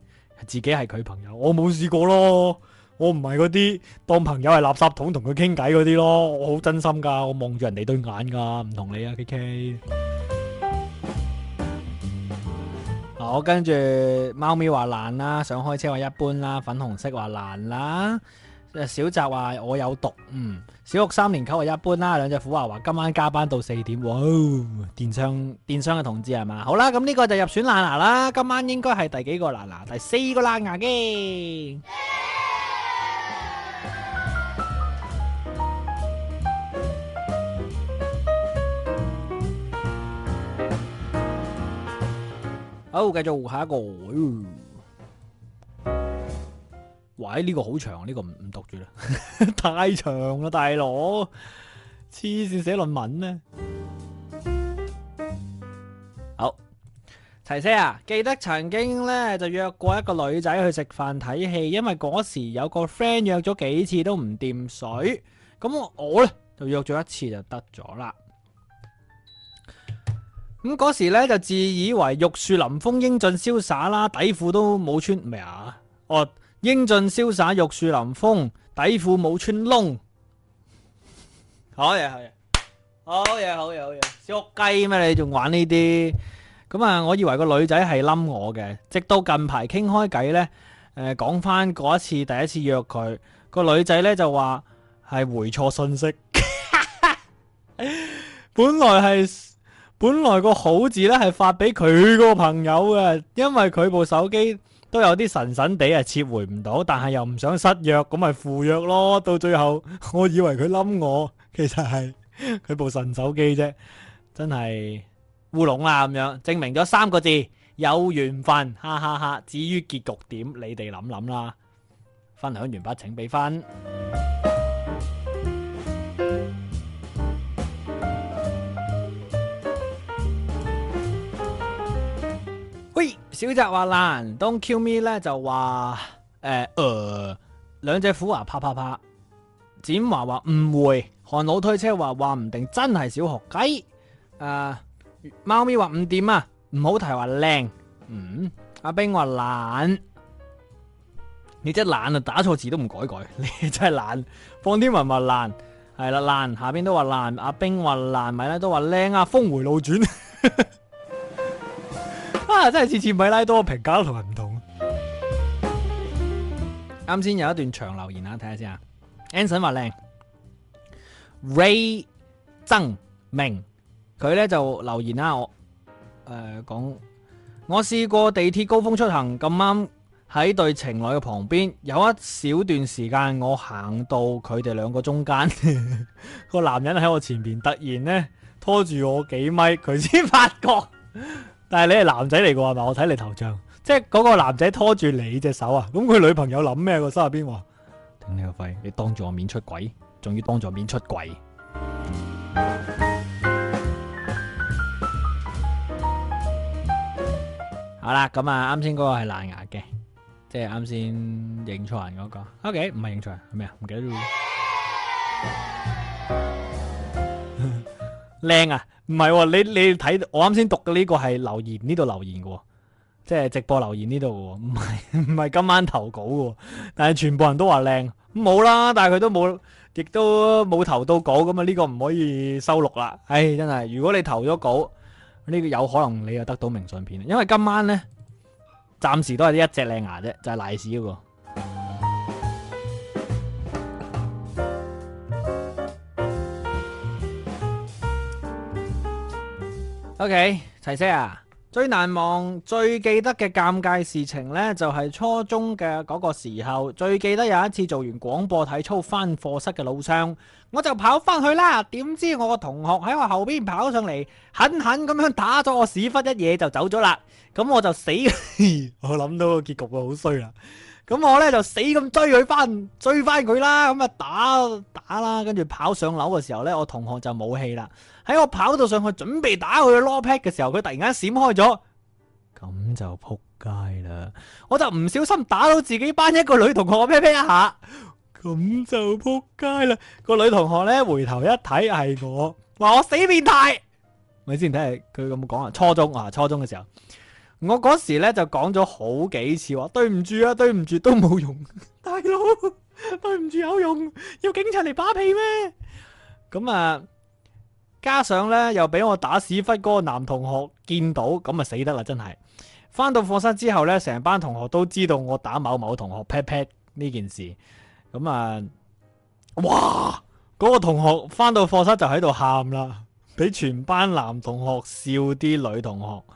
自己係佢朋友，我冇試過咯。我唔係嗰啲當朋友係垃圾桶同佢傾偈嗰啲咯，我好真心噶，我望住人哋對眼噶，唔同你啊 KK。我、哦、跟住貓咪話爛啦，想開車話一般啦，粉紅色話爛啦，小澤話我有毒，嗯，小學三年級話一般啦，兩隻虎話話今晚加班到四點，哇，電商電商嘅同志係嘛？好啦，咁呢個就入選爛牙啦，今晚應該係第幾個爛牙？第四個爛牙嘅。好，繼續下一個。哎、喂，呢、這個好長，呢、這個唔唔讀住啦， 太長啦，大佬，黐線寫論文呢、啊？好，齊些牙，記得曾經呢，就約過一個女仔去食飯睇戲，因為嗰時有個 friend 約咗幾次都唔掂水，咁我呢，就約咗一次就得咗啦。咁嗰時咧就自以為玉樹臨風、英俊瀟灑啦，底褲都冇穿，咩啊！哦，英俊瀟灑、玉樹臨風，底褲冇穿窿。好嘢，好嘢，好嘢，好嘢，好嘢！捉雞咩？你仲玩呢啲？咁啊，我以為個女仔係冧我嘅，直到近排傾開偈呢，誒，講翻嗰一次第一次約佢，個女仔呢，就話係回錯信息， 本來係。本來個好字咧係發俾佢個朋友嘅，因為佢部手機都有啲神神地啊，撤回唔到，但係又唔想失約，咁咪赴約咯。到最後我以為佢冧我，其實係佢部神手機啫，真係烏龍啦咁樣，證明咗三個字有緣分，哈哈哈。至於結局點，你哋諗諗啦。分享完畢，請俾分。小澤話爛，當 Q 咪咧就話誒，誒、呃，兩、呃、隻虎牙、啊、啪啪啪，剪華話誤會，韓老推車話話唔定真係小學雞，誒、呃，貓咪話唔掂啊，唔好提話靚，嗯，阿冰話爛，你真爛啊，打錯字都唔改改，你真係爛，放啲文話爛，係啦爛，下邊都話爛，阿冰話爛咪咧都話靚啊，峰回路轉。 啊！真係次次米拉多我的評價，評價都同人唔同。啱先有一段長留言啊，睇下先啊。Anson 話靚，Ray 曾明佢咧就留言啦。我誒講、呃，我試過地鐵高峰出行咁啱喺對情侶嘅旁邊，有一小段時間我行到佢哋兩個中間，個 男人喺我前邊突然咧拖住我幾米，佢先發覺。但係你係男仔嚟嘅喎，係咪？我睇你頭像，即係嗰個男仔拖住你隻手啊！咁佢女朋友諗咩個心入邊話？頂你個肺！你當住我面出軌，仲要當住我面出櫃。 好啦，咁啊，啱先嗰個係爛牙嘅，即係啱先認錯人嗰、嗰個。O K，唔係認錯人係咩 啊？唔記得咗。靚啊！唔係喎，你你睇我啱先讀嘅呢個係留言呢度留言嘅、哦，即係直播留言呢度喎。唔係唔係今晚投稿喎，但係全部人都話靚冇啦，但係佢都冇，亦都冇投到稿，咁啊呢個唔可以收錄啦，唉、哎、真係，如果你投咗稿，呢、呢個有可能你又得到明信片，因為今晚呢，暫時都係一隻靚牙啫，就係瀨屎嗰個。O K，齊些牙啊！最難忘、最記得嘅尷尬事情呢，就係、是、初中嘅嗰個時候，最記得有一次做完廣播體操翻課室嘅路上，我就跑翻去啦。點知我個同學喺我後邊跑上嚟，狠狠咁樣打咗我屎忽一嘢就走咗啦。咁我就死， 我諗到個結局啊，好衰啦。咁我咧就死咁追佢翻，追翻佢啦，咁啊打打啦，跟住跑上樓嘅時候咧，我同學就冇氣啦。喺我跑到上去準備打佢嘅 lockpad 嘅時候，佢突然間閃開咗。咁就撲街啦！我就唔小心打到自己班一個女同學啪啪一下。咁就撲街啦！個女同學咧回頭一睇係我，話我死變態。你之前睇佢咁講啊，初中啊，初中嘅時候。我嗰時咧就講咗好幾次，話對唔住啊，對唔住都冇用， 大佬對唔住有用，要警察嚟把屁咩？咁啊，加上呢又俾我打屎忽嗰個男同學見到，咁啊死得啦，真係。翻到課室之後呢，成班同學都知道我打某某同學 pat pat 呢件事，咁啊，哇！嗰、嗰個同學翻到課室就喺度喊啦，俾全班男同學笑啲女同學。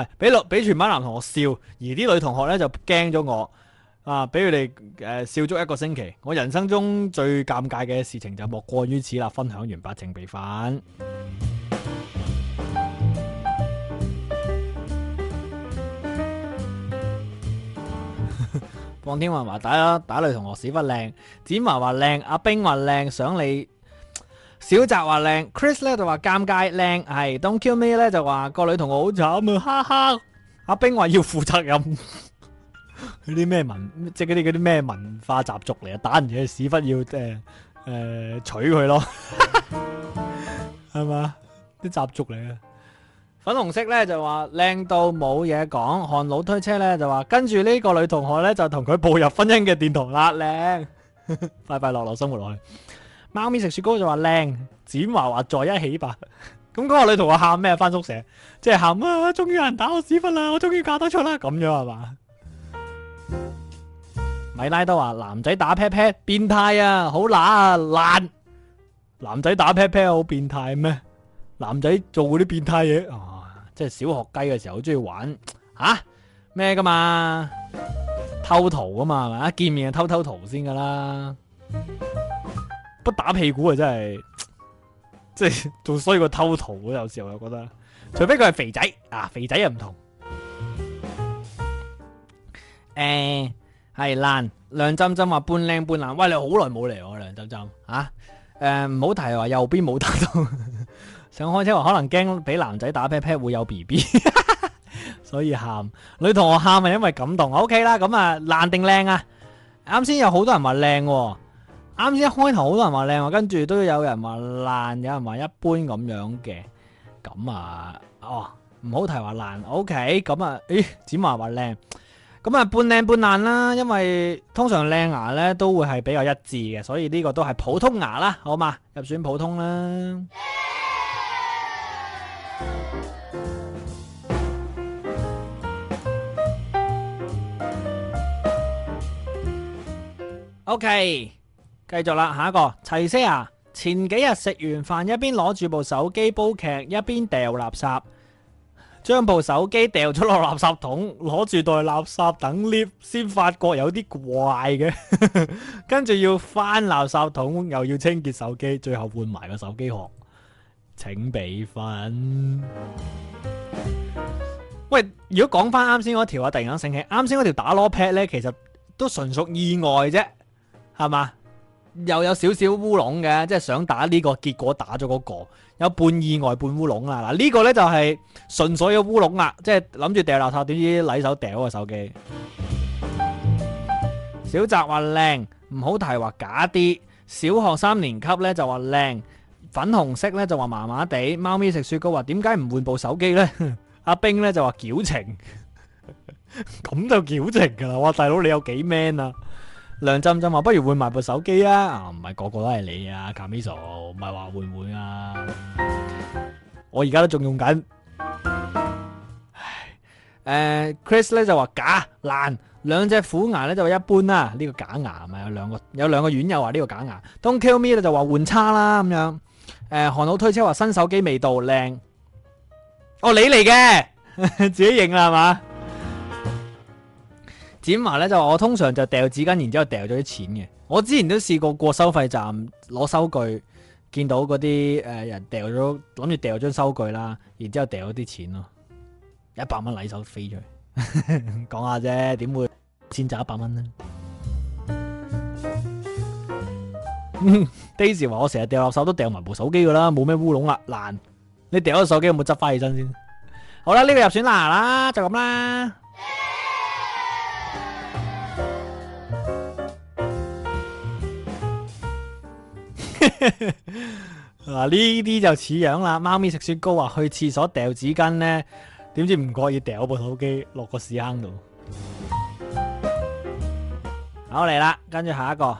唔係，俾全班男同學笑，而啲女同學呢就驚咗我啊！俾佢哋、呃、笑足一個星期，我人生中最尷尬嘅事情就莫過於此啦。分享完八正被反，放 天話話打打女同學屎忽靚，子華話靚，阿冰話靚，想你。小澤話靚，Chris 咧，就話尷尬靚，係 Don't Kill Me 咧，就話個女同學好慘啊，哈哈！阿冰話要負責任，嗰啲咩文，即係啲啲咩文化習俗嚟啊，打人嘅屎忽要誒誒、呃呃、娶佢咯，係嘛？ 啲習俗嚟啊！粉紅色咧，就話靚到冇嘢講，看老推車咧，就話跟住呢個女同學咧，就同佢步入婚姻嘅殿堂啦，靚，快快樂樂生活落去。貓咪食雪糕就話靚，展華話在一起吧。咁 嗰個女同我喊咩翻宿舍？即係喊啊！終於有人打我屎忽啦！我終於嫁得出啦！咁樣係嘛？ 米拉都話男仔打 pat pat 變態啊，好乸啊爛！男仔打 pat pat 好變態咩？男仔做嗰啲變態嘢啊，即係小學雞嘅時候好中意玩吓咩噶嘛？偷圖㗎嘛？一見面就偷偷圖先噶啦。不打屁股啊！真係，即係仲衰過偷圖咯。有時候我又覺得，除非佢係肥仔啊，肥仔又唔同。誒、嗯，係爛梁浸浸話半靚半爛，喂，你好耐冇嚟喎，梁浸浸，吓，誒、啊，唔、嗯、好提話右邊冇打到，想 開車話可能驚俾男仔打 pat pat 會有 B B， 所以喊女同學喊係因為感動。O、OK、K 啦，咁啊爛定靚啊？啱先有好多人話靚、啊。啱先一開頭好多人話靚喎，跟住都有人話爛，有人話一般咁樣嘅，咁啊，哦唔好提話爛，OK，咁啊，咦展華話靚，咁啊半靚半爛啦，因為通常靚牙呢都會係比較一致嘅，所以呢個都係普通牙啦，好嘛，入選普通啦，OK。繼續啦，下一個齊些牙啊。前幾日食完飯，一邊攞住部手機煲劇，一邊掉垃圾，將部手機掉咗落垃圾桶，攞住袋垃圾等 lift，先發覺有啲怪嘅， 跟住要翻垃圾桶，又要清潔手機，最後換埋個手機殼，請俾分。喂，如果講翻啱先嗰條啊，突然間醒起，啱先嗰條打攞劈呢，其實都純屬意外啫，係嘛？又有少少烏龍嘅，即係想打呢個，結果打咗嗰個，有半意外半烏龍啦。嗱，呢個呢就係純粹嘅烏龍啦。即係諗住掉垃圾，點知禮手掉咗個手機。 小澤話靚，唔好提話假啲。小學三年級呢就話靚，粉紅色呢就話麻麻地。貓咪食雪糕話點解唔換部手機呢？ 阿冰呢就話矯情，咁 就矯情噶啦！哇，大佬你有幾 man 啊？梁浸浸話不如換埋部手機啊！唔、啊、係個個都係你啊，Camiso 唔係話換唔換啊？我而家都仲用緊。唉，誒、呃、，Chris 咧就話假爛，兩隻虎牙咧就一般啦、啊。呢個假牙咪有兩個，有兩個院友話呢個假牙。Don't kill me 咧就話換叉啦咁樣。誒、呃，韓老推車話新手機味道靚。哦，你嚟嘅， 自己認啦係嘛？剪埋咧就我通常就掉紙巾，然之後掉咗啲錢嘅。我之前都試過過收費站攞收據，見到嗰啲誒人掉咗諗住掉咗張收據啦，然之後掉咗啲錢咯，一百蚊離手飛出去。 講下啫，點會先賺、嗯、一百蚊呢 Daisy 話我成日掉落手都掉埋部手機噶啦，冇咩烏龍啊爛。你掉咗手機有冇執翻起身先？好啦，呢、呢個入選啦啦，就咁啦。嗱，呢啲、 啊、就似樣啦。貓咪食雪糕啊，去廁所掉紙巾呢，點知唔覺意掉我部手機落個屎坑度。好嚟啦，跟住下一個。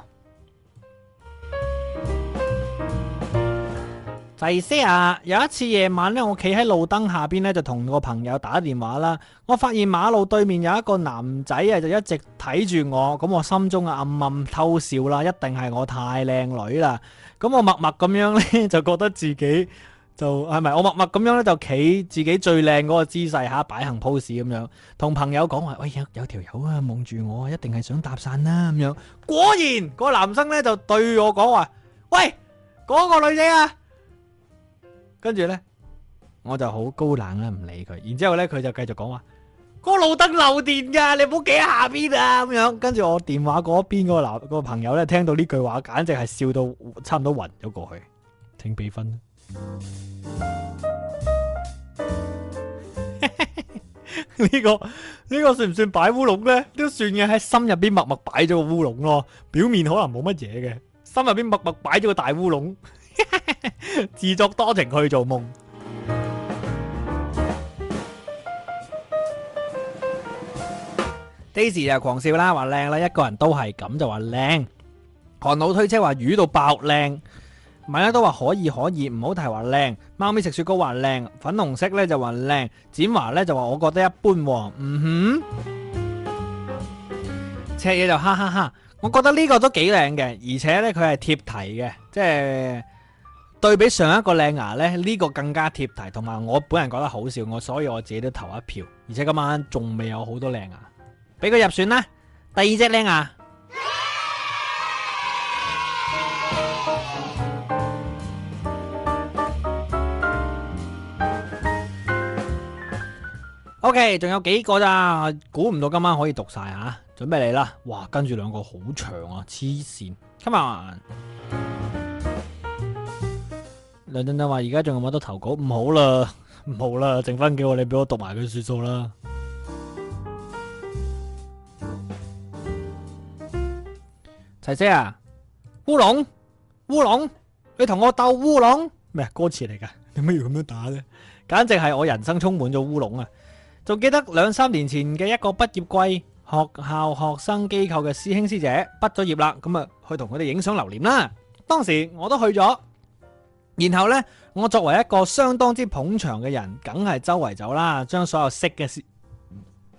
齊些牙啊，有一次夜晚呢，我企喺路燈下邊呢，就同個朋友打電話啦。我發現馬路對面有一個男仔啊，就一直睇住我。咁我心中啊暗暗偷笑啦，一定係我太靚女啦。咁我默默咁樣咧就覺得自己就係咪？我默默咁樣咧就企自己最靚嗰個姿勢吓，擺行 pose 咁樣，同朋友講話：，喂，有條友啊，望住我啊，一定係想搭訕啦咁樣。果然個男生咧就對我講話：，喂，嗰個女仔啊！跟住咧，我就好高冷啦，唔理佢。然之後咧，佢就繼續講話。嗰路燈漏電㗎，你唔好企喺下邊啊！咁樣，跟住我電話嗰邊個男、嗰個朋友咧，聽到呢句話，簡直係笑到差唔多暈咗過去。請畀分，呢、 呢個呢、呢個算唔算擺烏龍咧？都算嘅，喺心入邊默默擺咗個烏龍咯。表面可能冇乜嘢嘅，心入邊默默擺咗個大烏龍， 自作多情去做夢。Daisy 又狂笑啦，話靚啦，一個人都係咁就話靚。韓佬推車話魚到爆靚，米粒都話可以可以，唔好提話靚。貓咪食雪糕話靚，粉紅色咧就話靚，展華咧就話我覺得一般喎。嗯哼，赤嘢就哈哈哈，我覺得呢個都幾靚嘅，而且呢，佢係貼題嘅，即係對比上一個靚牙呢，呢、呢個更加貼題，同埋我本人覺得好笑，我所以我自己都投一票，而且今晚仲未有好多靚牙。俾佢入選啦，第二隻靚啊！OK，仲有幾個咋？估唔到今晚可以讀晒啊！準備嚟啦！哇，跟住兩個好長啊，黐線！Come on，梁振振話：而家仲有冇得投稿，唔好啦，唔好啦，剩翻幾個你俾我讀埋佢算數啦。齊姐，姐啊，烏龍烏龍，你同我鬥烏龍咩？歌詞嚟㗎，你咪要咁樣打呢？簡直係我人生充滿咗烏龍啊！仲記得兩三年前嘅一個畢業季，學校學生機構嘅師兄師姐畢咗業啦，咁啊去同佢哋影相留念啦。當時我都去咗，然後呢，我作為一個相當之捧場嘅人，梗係周圍走啦，將所有識嘅師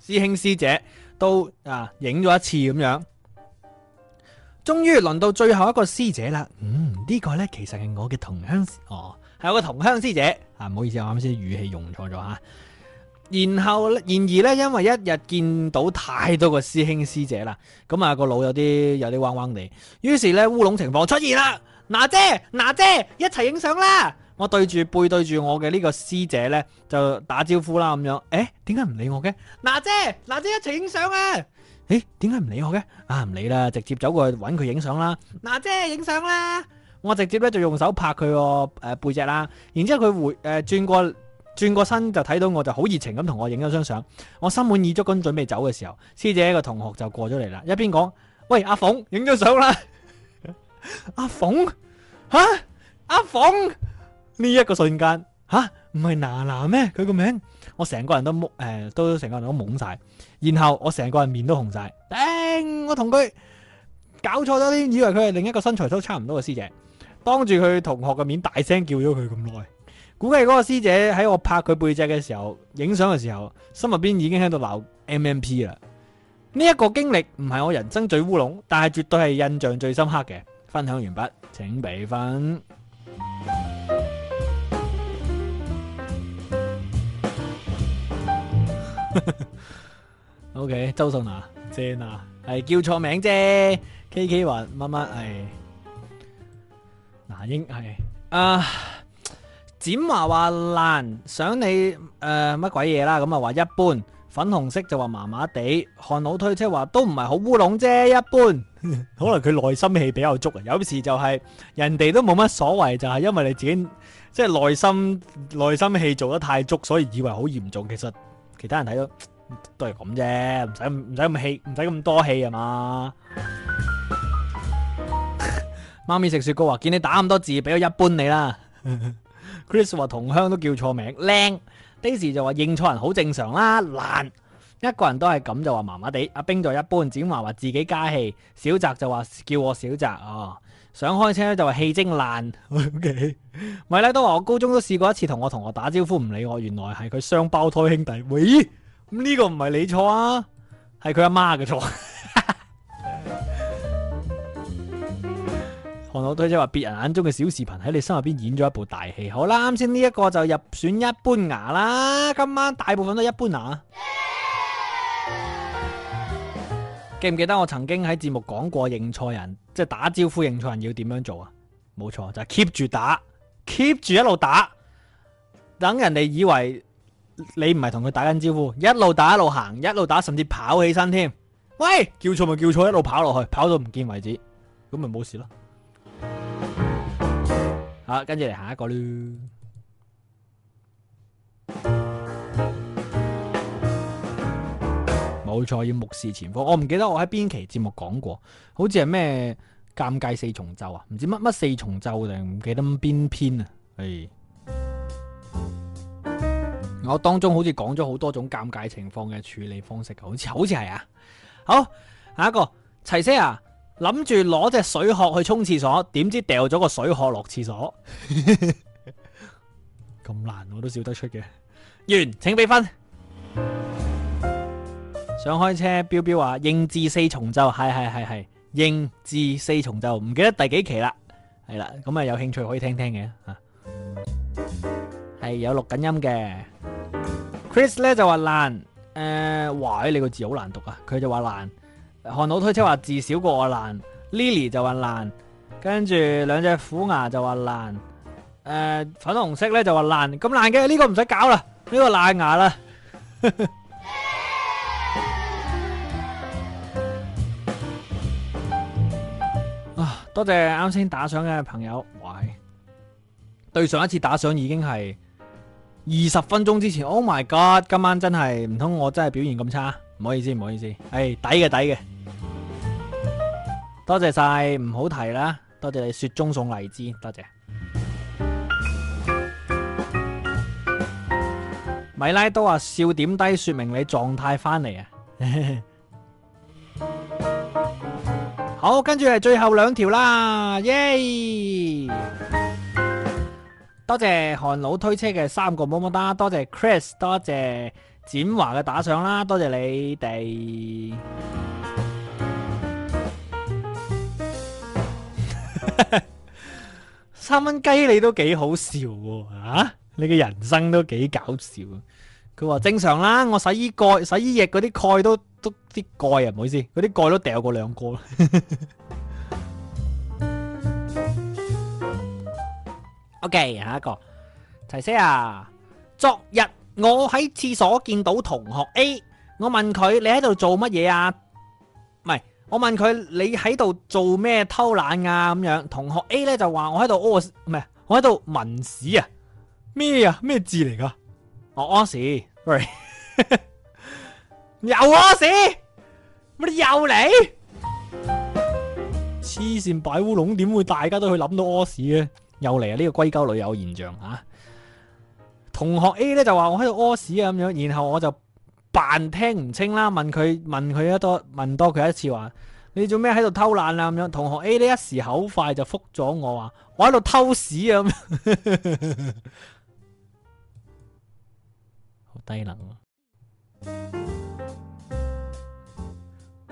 師兄師姐都啊影咗一次咁樣。終於輪到最後一個師姐啦，嗯，呢個呢，其實係我嘅同鄉哦，係我嘅同鄉師姐啊，唔好意思，我啱先語氣用錯咗吓。然後，然而呢，因為一日見到太多個師兄師姐啦，咁啊個腦有啲有啲嗡嗡地，於是呢，烏龍情況出現啦。娜姐，娜姐，一齊影相啦！我對住背對住我嘅呢個師姐呢，就打招呼啦咁樣。誒，點解唔理我嘅？娜姐，娜姐，一齊影相啊！誒，點解唔理我嘅？啊，唔理啦，直接走過去揾佢影相啦。嗱，即係影相啦。我直接咧就用手拍佢個誒背脊啦。然之後佢回誒、呃、轉過轉過身就睇到我就好熱情咁同我影咗張相。我心滿意足咁準備走嘅時候，師姐個同學就過咗嚟啦，一邊講：，喂，阿鳳影咗相啦， 阿鳳，吓，阿鳳。呢一個瞬間，吓，唔係娜娜咩？佢個名？我成個人都懵，誒，都成個人都懵晒，然後我成個人面都紅晒，頂，我同佢搞錯咗啲，以為佢係另一個身材都差唔多嘅師姐，當住佢同學嘅面大聲叫咗佢咁耐，估計嗰個師姐喺我拍佢背脊嘅時候，影相嘅時候，心入邊已經喺度鬧 MMP 啦。呢一個經歷唔係我人生最烏龍，但係絕對係印象最深刻嘅。分享完畢，請俾分。O K，周秀娜，謝娜係叫錯名啫。K K 話乜乜係，那英係啊。展華話爛，想你誒乜鬼嘢啦？咁啊話一般，粉紅色就話麻麻地，看好推車話都唔係好烏龍啫，一般。可能佢內心戲比較足啊，有時就係人哋都冇乜所謂，就係因為你自己即係內心內心戲做得太足，所以以為好嚴重，其實。其他人睇到都係咁啫，唔使唔使咁氣，唔使咁多氣係嘛？ 媽咪食雪糕話，見你打咁多字，俾咗一般你啦。 Chris 話同鄉都叫錯名，靚。Daisy 就話認錯人好正常啦，爛。一個人都係咁就話麻麻地。阿冰就一般，展華話自己加氣，小澤就話叫我小澤哦。想開車就話戲精爛，O K。唔係啦、okay、都話我高中都試過一次，同我同學打招呼唔理我，原來係佢雙胞胎兄弟。喂，咁呢個唔係你錯啊，係佢阿媽嘅錯。韓老堆即係話，別人眼中嘅小視頻喺你心入邊演咗一部大戲。好啦，啱先呢一個就入選一般牙啦，今晚大部分都一般牙。記唔記得我曾經喺節目講過認錯人，即係打招呼認錯人要點樣做啊？冇錯，就係 keep 住打，keep 住一路打，等人哋以為你唔係同佢打緊招呼，一路打一路行，一路打甚至跑起身添。喂，叫錯咪叫錯，一路跑落去，跑到唔見為止，咁咪冇事咯。好，跟住嚟下一個啦。冇錯，要目視前方。我唔記得我喺邊期節目講過，好似係咩尷尬四重奏啊？唔知乜乜四重奏定唔記得邊篇啊？係、哎嗯、我當中好似講咗好多種尷尬情況嘅處理方式，好似好似係啊。好，下一個，齊星啊，諗住攞隻水殼去沖廁所，點知掉咗個水殼落廁所，咁 難我都笑得出嘅。完，請俾分。想開車，彪彪話應字四重奏，係係係係應字四重奏，唔記得第幾期啦，係啦，咁啊有興趣可以聽聽嘅吓，係有錄緊音嘅。Chris 咧就話爛，誒、呃，華、哎、你個字好難讀啊，佢就話爛。韓導推車話至少過我爛，Lily 就話爛，跟住兩隻虎牙就話爛，誒、呃，粉紅色咧就話爛咁爛嘅呢、這個唔使搞啦，呢、這個爛牙啦。 多謝啱先打賞嘅朋友，喂，對上一次打賞已經係二十分鐘之前，Oh my god，今晚真係唔通我真係表現咁差，唔好意思唔好意思，唉，抵嘅抵嘅，多謝晒，唔好提啦，多謝你雪中送荔枝，多謝。米拉都話笑點低說明你狀態翻嚟啊。 好，跟住係最後兩條啦，耶、yeah！多謝韓老推車嘅三個麼麼噠，多謝 Chris，多謝展華嘅打賞啦，多謝你哋。 三蚊雞你都幾好笑喎，啊？你嘅人生都幾搞笑。佢話正常啦，我洗衣蓋、洗衣液嗰啲蓋都都啲蓋啊，唔好意思，嗰啲蓋都掉過兩個了。 OK，下一個齊些牙啊。昨日我喺廁所見到同學 A，我問佢你喺度做乜嘢啊？唔係，我問佢你喺度做咩偷懶啊？咁樣同學 A 咧，就話我喺度屙，唔係，我喺度聞屎啊！咩啊？咩字嚟噶？我屙屎喂，oh, right. 又屙屎，乜都又嚟，痴線擺烏龍，點會大家都去諗到屙屎嘅？又嚟啊！呢個龜膠女友現象吓、啊，同學 A 咧就話我喺度屙屎啊咁樣，然後我就扮聽唔清啦，問佢問佢多問多佢一次話你做咩喺度偷懶啊咁樣？同學 A 呢一時口快就復咗我話我喺度偷屎啊！ 低能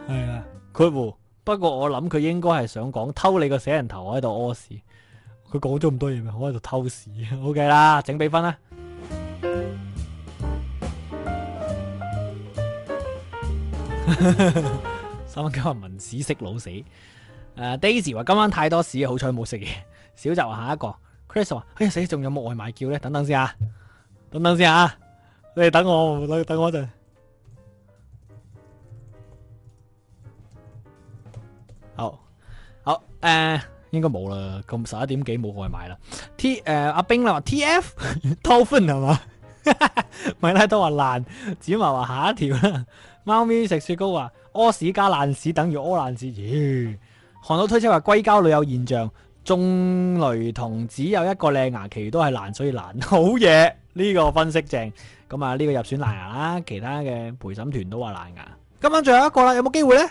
係啊，佢胡的。不過我諗佢應該係想講偷你個死人頭，我喺度屙屎。佢講咗咁多嘢咪我喺度偷屎。O K 啦，整比分啦。三蚊九文史色老死。誒，uh，Daisy 話今晚太多屎，好彩冇食嘢。小澤話下一個。Chris 話：哎呀死，仲有冇外賣叫咧？等等先啊，等等先啊。你哋等我，你等我一陣。好，好誒，應該冇啦。咁十一點幾冇外賣啦。T 誒，阿冰啦，T F 掏糞係嘛？米拉都話爛，子華話下一條啦。貓咪食雪糕話屙屎加爛屎等於屙爛屎。咦，韓老推車話硅膠女有現象。中雷同只有一個靚牙，其餘都係爛，所以爛好嘢。呢、呢個分析正，咁啊呢個入選爛牙啦，其他嘅陪審團都話爛牙。今晚最後一個啦，有冇機會呢？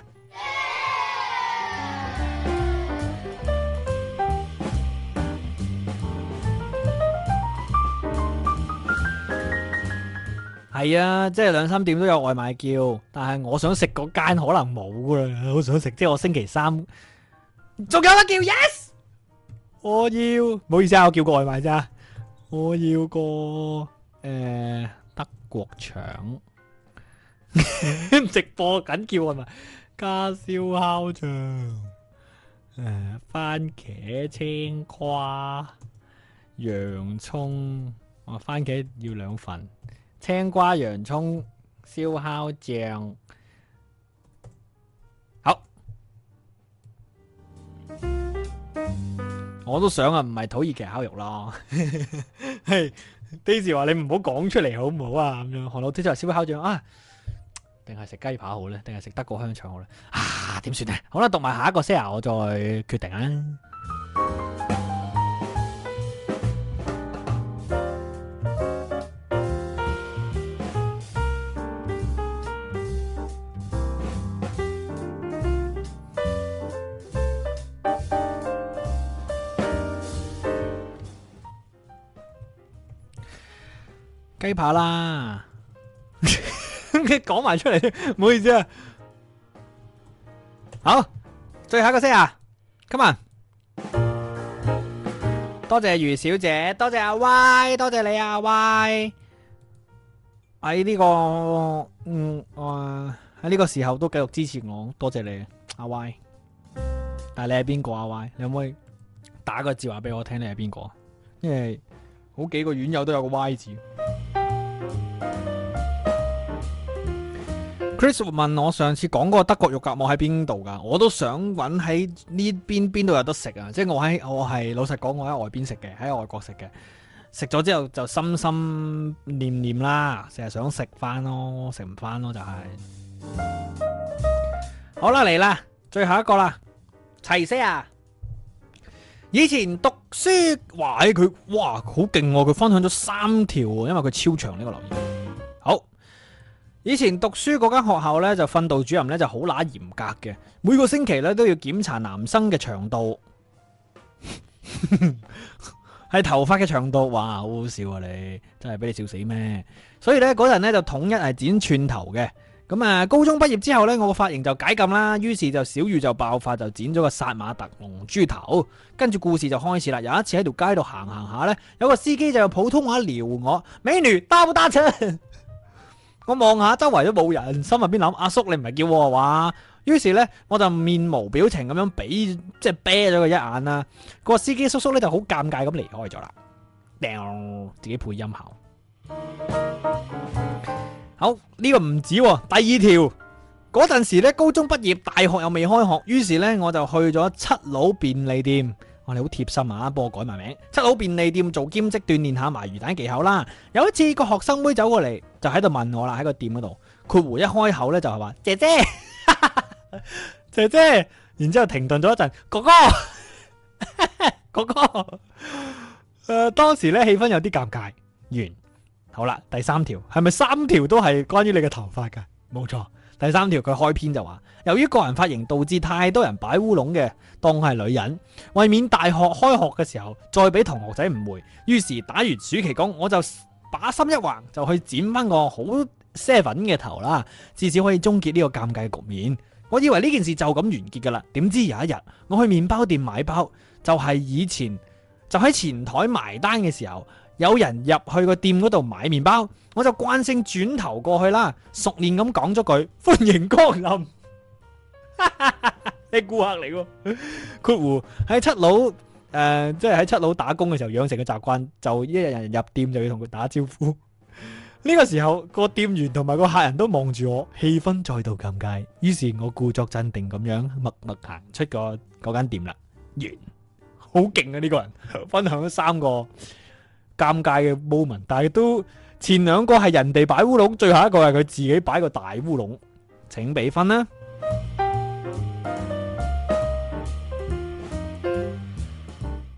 係 Yeah. 啊，即係兩三點都有外賣叫，但係我想食嗰間可能冇㗎啦，好想食。即係我星期三仲有一叫 Yes。我要，唔好意思啊，我叫個外賣咋。我要個誒德國腸，直播緊叫外賣，加燒烤醬，誒番茄青瓜、洋葱。我番茄要兩份，青瓜洋葱、燒烤醬。好。我都想啊，唔係土耳其烤肉咯。嘿、 hey, Daisy 話你唔好講出嚟好唔好啊？咁樣，韓老天就話燒烤醬啊，定係食雞扒好咧？定係食德國香腸好咧？啊，點算呢？好啦，讀埋下一個 share 我再決定啦。雞扒啦，你講埋出嚟，唔好意思啊。好，最後一個聲啊，come on 多謝余小姐，多謝阿、啊、Y，多謝你阿、啊、Y。喺呢、這個嗯誒喺呢個時候都繼續支持我，多謝你阿、啊啊、Y。但係你係邊個阿 Y？你可唔可以打個字話俾我聽你、啊？你係邊個？因為好幾個院友都有個 Y 字。Chris 問我上次講嗰個德國肉夾饃喺邊度噶？我都想揾喺呢邊邊度有得食啊！即係我喺我係老實講，我喺外邊食嘅，喺外國食嘅。食咗之後就心心念念啦，成日想食翻咯，食唔翻咯就係、是。好啦，嚟啦，最後一個啦，齊 Sir 啊！以前讀書話佢哇，好勁！佢、啊、分享咗三條，因為佢超長呢、這個留言。以前讀書嗰間學校呢，就訓導主任呢就好乸嚴格嘅，每個星期呢都要檢查男生嘅長度，係 頭髮嘅長度。哇，好好笑啊你！你真係俾你笑死咩？所以呢嗰陣呢，就統一係剪寸頭嘅。咁啊，高中畢業之後呢，我個髮型就解禁啦。於是就小宇宙就爆發，就剪咗個殺馬特龍豬頭。跟住故事就開始啦。有一次喺條街度行行下呢，有個司機就用普通話撩我：美女搭唔搭車？打我望下周圍都冇人，心入邊諗：阿、啊、叔你唔係叫我係？於是呢，我就面無表情咁樣俾即係啤咗佢一眼啦。個司機叔叔呢就好尷尬咁離開咗啦、呃。自己配音下。好，呢個唔止喎，第二條嗰陣時呢，高中畢業，大學又未開學，於是呢，我就去咗七佬便利店。我哋、哦、好貼心啊，幫我改埋名。七佬便利店做兼職，鍛鍊下埋魚蛋技巧啦。有一次一個學生妹走過嚟，就喺度問我啦，喺個店嗰度。括弧一開口咧就係話：姐姐， 姐姐。然之後停頓咗一陣，哥哥， 哥哥。誒 呃，當時咧氣氛有啲尷尬。完，好啦，第三條係咪三條都係關於你嘅頭髮㗎？冇錯，第三條佢開篇就話。由於個人髮型導致太多人擺烏龍嘅，當係女人，為免大學開學嘅時候再俾同學仔誤會，於是打完暑期工，我就把心一橫，就去剪翻個好 seven 嘅頭啦，至少可以終結呢個尷尬嘅局面。我以為呢件事就咁完結噶啦，點知有一日我去麵包店買包，就係、是、以前就喺前台埋單嘅時候，有人入去個店嗰度買麵包，我就慣性轉頭過去啦，熟練咁講咗句歡迎光臨。你顧 客嚟㗎， 括弧喺七佬誒，即係喺七佬打工嘅時候養成嘅習慣，就一日人入店就要同佢打招呼。 呢個時候個店員同埋個客人都望住我，氣氛再度尷尬。於是我故作鎮定咁樣默默行出個嗰間店啦。完，好勁啊！呢、這個人 分享咗三個尷尬嘅 moment，但係都前兩個係人哋擺烏龍，最後一個係佢自己擺個大烏龍，請畀分啦。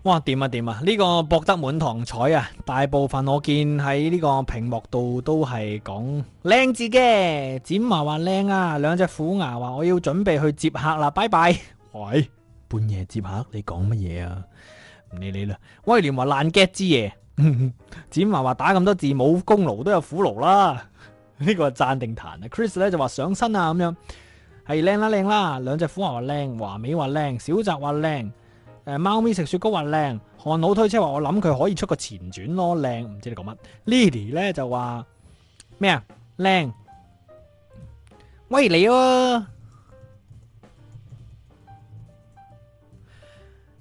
哇！點啊點啊！呢個博得滿堂彩啊！大部分我見喺呢個屏幕度都係講靚字嘅，展華話靚啊，兩隻虎牙話我要準備去接客啦，拜拜。喂，半夜接客，你講乜嘢啊？唔理你啦。威廉話爛 get 之夜，展華話打咁多字冇功勞都有苦勞啦。呢個係讚定彈啊？Chris 咧就話上身啊咁樣，係靚啦靚啦，兩隻虎牙話靚，華美話靚，小澤話靚。誒貓咪食雪糕話靚，韓老推車話我諗佢可以出個前傳咯靚，唔知你講乜？Lily 咧就話咩啊靚，喂，你喎！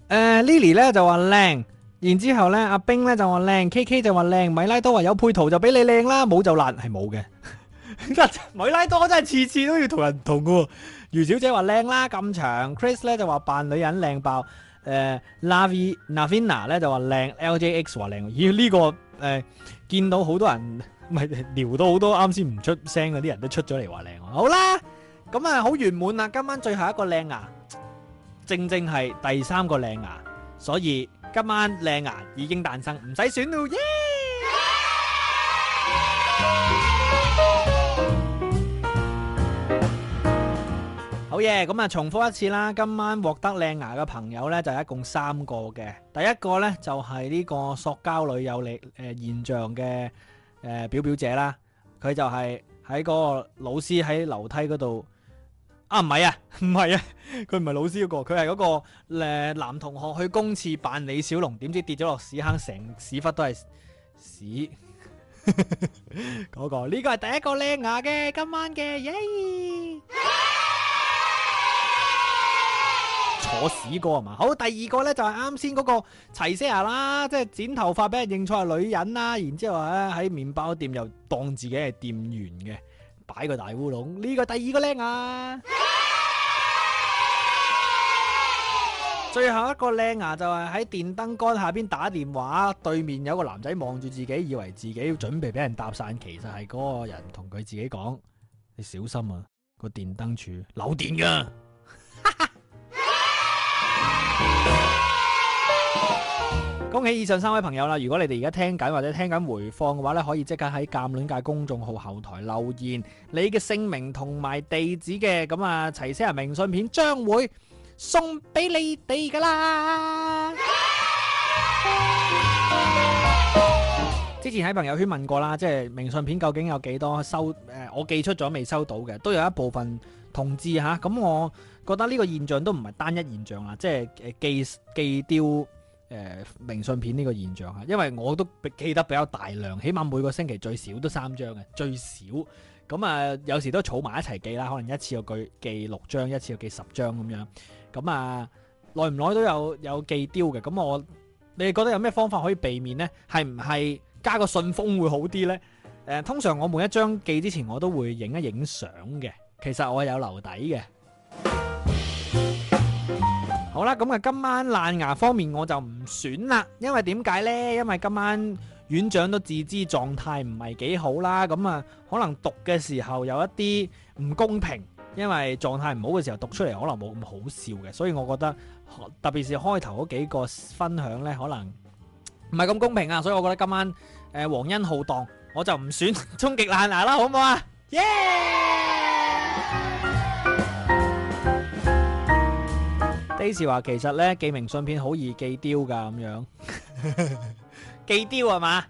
誒 Lily 咧就話靚，然之後咧阿冰咧就話靚，KK 就話靚，米拉多話有配圖就畀你靚啦，冇就爛係冇嘅。 米拉多真係次次都要同人唔同喎。余小姐話靚啦，咁長。Chris 咧就話扮女人靚爆。誒 Lavi、Navina 咧就話靚，LJX 話靚，咦呢、這個誒、呃、見到好多人，唔係聊到好多啱先唔出聲嗰啲人都出咗嚟話靚，好啦，咁啊好圓滿啊，今晚最後一個靚牙，正正係第三個靚牙，所以今晚靚牙已經誕生，唔使選咯，耶、yeah!！Yeah! 好嘢，咁啊，重複一次啦。今晚獲得靚牙嘅朋友呢，就一共三個嘅。第一個呢，就係、是、呢個塑膠女友力誒、呃、現象嘅誒、呃、表表姐啦。佢就係喺個老師喺樓梯嗰度。啊唔係啊，唔係啊，佢唔係老師嗰，那個，佢係嗰個誒、呃、男同學去公廁扮李小龍，點知跌咗落屎坑，成屎忽都係屎。嗰、 那個呢、這個係第一個靚牙嘅，今晚嘅。耶。Yeah! Yeah! 坐屎哥係嘛？好，第二個呢就係啱先嗰個齊 s i 啦，即係剪頭髮俾人認錯係女人啦，然之後咧喺麵包店又當自己係店員嘅，擺個大烏龍。呢、這個第二個靚啊、哎、最後一個靚牙、啊、就係、是、喺電燈杆下邊打電話，對面有個男仔望住自己，以為自己準備俾人搭訕，其實係嗰個人同佢自己講：你小心啊，個電燈柱漏電噶。恭喜以上三位朋友啦！如果你哋而家聽緊或者聽緊回放嘅話咧，可以即刻喺鑒戀界公眾號後台留言，你嘅姓名同埋地址嘅，咁啊齊些牙明信片將會送俾你哋噶啦！之前喺朋友圈問過啦，即係明信片究竟有幾多收？誒，我寄出咗未收到嘅，都有一部分同志吓，咁我覺得呢個現象都唔係單一現象啊！即係誒寄寄丟。誒、呃、明信片呢個現象啊，因為我都寄得比較大量，起碼每個星期最少都三張嘅，最少咁啊，有時都儲埋一齊寄啦，可能一次又寄六張，一次又寄十張咁樣，咁啊，耐唔耐都有有寄丟嘅，咁我你哋覺得有咩方法可以避免呢？係唔係加個信封會好啲呢？呃。通常我每一張寄之前我都會影一影相嘅，其實我係有留底嘅。好啦，咁啊，今晚爛牙方面我就唔選啦，因為點解呢？因為今晚院長都自知狀態唔係幾好啦，咁啊，可能讀嘅時候有一啲唔公平，因為狀態唔好嘅時候讀出嚟可能冇咁好笑嘅，所以我覺得特別是開頭嗰幾個分享呢，可能唔係咁公平啊，所以我覺得今晚誒、黃恩浩蕩我就唔選終極爛牙啦，好唔好啊？Yeah。幾時話其實咧寄明信片好易寄丟噶咁樣 記？寄丟係嘛？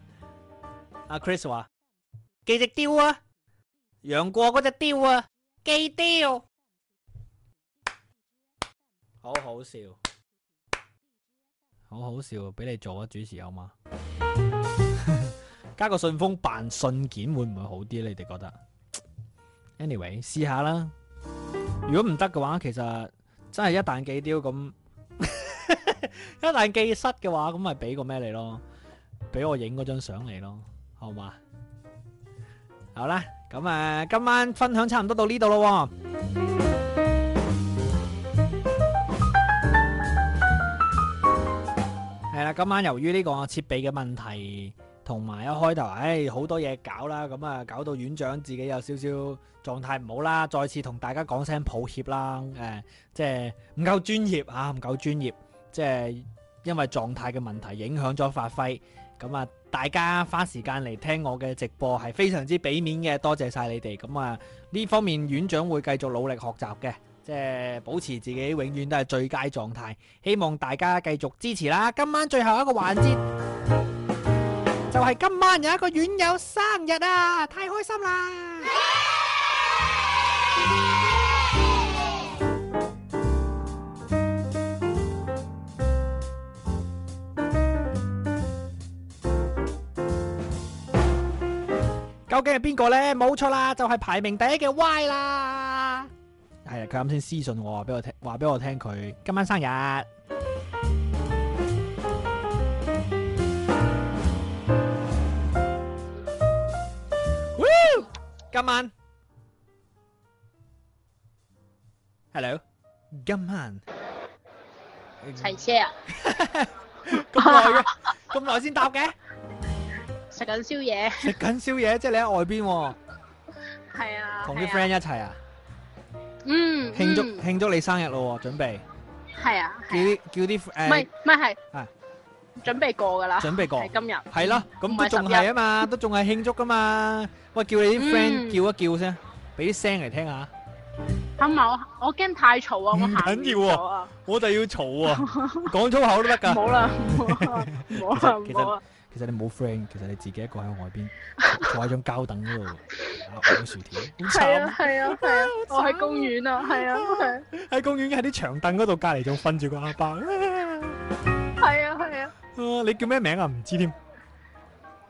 阿 Chris 話寄隻雕啊，楊過嗰隻雕啊，寄雕，好好笑，好好笑，俾你做啊，主持有嘛？好嗎 加個信封扮信件會唔會好啲？你哋覺得？Anyway，試下啦。如果唔得嘅話，其實。真係一旦記丟咁， 一旦記失嘅話，咁咪俾個咩你咯？俾我影嗰張相你咯，好嘛？好啦，咁誒、啊，今晚分享差唔多到呢度咯。係啦， 今晚由於呢個設備嘅問題。同埋一開頭，誒、哎、好多嘢搞啦，咁啊搞到院長自己有少少狀態唔好啦，再次同大家講聲抱歉啦，誒、呃、即係唔夠專業啊，唔夠專業，即係因為狀態嘅問題影響咗發揮。咁啊，大家花時間嚟聽我嘅直播係非常之俾面嘅，多謝晒你哋。咁啊，呢方面院長會繼續努力學習嘅，即係保持自己永遠都係最佳狀態。希望大家繼續支持啦。今晚最後一個環節。又係今晚有一個院友生日啊！太開心啦！究竟係邊個呢？冇錯啦，就係排名第一嘅 Y 啦。係啊，佢啱先私信我話俾我聽，話俾我聽佢今晚生日。今晚，Hello，今晚齊些牙，咁耐嘅，咁耐先搭嘅，食緊宵夜，食緊宵夜，即係你喺外邊喎，係啊，同啲 friend 一齊啊，嗯，慶祝慶祝你生日咯喎，準備，係啊，叫啲叫啲，唔係唔係係，係準備過噶啦，準備過，今日，係咯，咁都仲係啊嘛，都仲係慶祝噶嘛。喂，叫你啲 friend 叫一叫聲，俾啲聲嚟聽下。唔好，我我驚太嘈啊！唔緊要啊，我就要嘈啊，講粗口都得噶。冇啦，冇啦，冇啦，冇啦。其實你冇 friend，其實你自己一個喺外邊坐喺張膠凳嗰度食薯條，好慘。係啊係啊係啊，我喺公園啊，係啊。喺公園喺啲長凳嗰度隔籬仲瞓住個阿伯。係啊係啊。啊，你叫咩名啊？唔知添。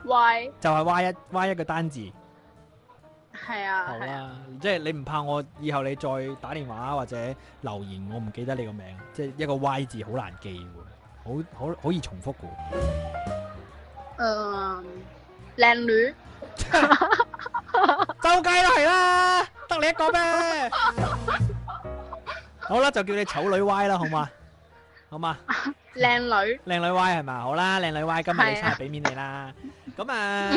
Y 就係 Y 一 Y 一個單字。係啊，好吧啊，即係你唔怕我以後你再打電話或者留言，我唔記得你個名，即係一個 Y 字好難記喎，好好易重複噶。嗯、呃，靚女，周街 都係啦，得你一個咩？ 好啦，就叫你醜女 Y 啦，好嘛？好嘛？ 靚女，靚女 Y 係嘛？好啦，靚女 Y 今日你生日俾面你啦。咁啊，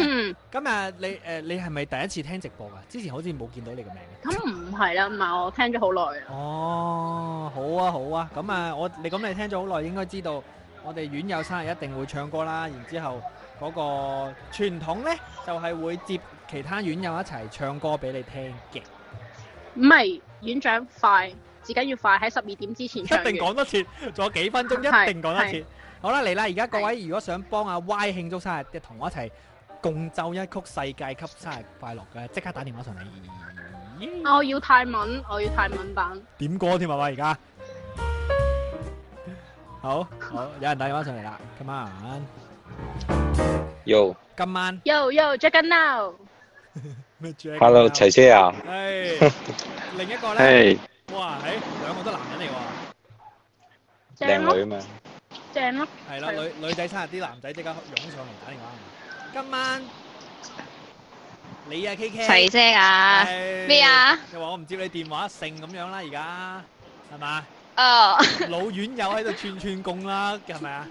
咁啊，你誒你係咪第一次聽直播㗎？之前好似冇見到你個名。咁唔係啦，唔係我聽咗好耐。哦，好啊好啊，咁啊我你咁你聽咗好耐，應該知道我哋院友生日一定會唱歌啦。然之後嗰個傳統咧，就係會接其他院友一齊唱歌俾你聽嘅。唔係，院長快！時間要快喺十二點之前，一定講得切，仲有幾分鐘，一定講得切。好啦，嚟啦！而家各位如果想幫阿 Y 慶祝生日，同我一齊共奏一曲世界級生日快樂嘅，即刻打電話上嚟。我要泰文，我要泰文版。點歌添啊？而家好，好有人打電話上嚟啦。今晚，Yo，今晚，Yo Yo Jack Now。Hello，齊車啊！另一個咧。哇，喺兩個都男人嚟喎，靚女啊嘛，正咯，係啦，女女仔生日，啲男仔即刻湧上嚟打電話。今晚你啊，K K，齊些牙啊？咩啊？你話我唔接你電話，剩咁樣啦，而家係咪？啊！老院友喺度串串供啦，係咪啊？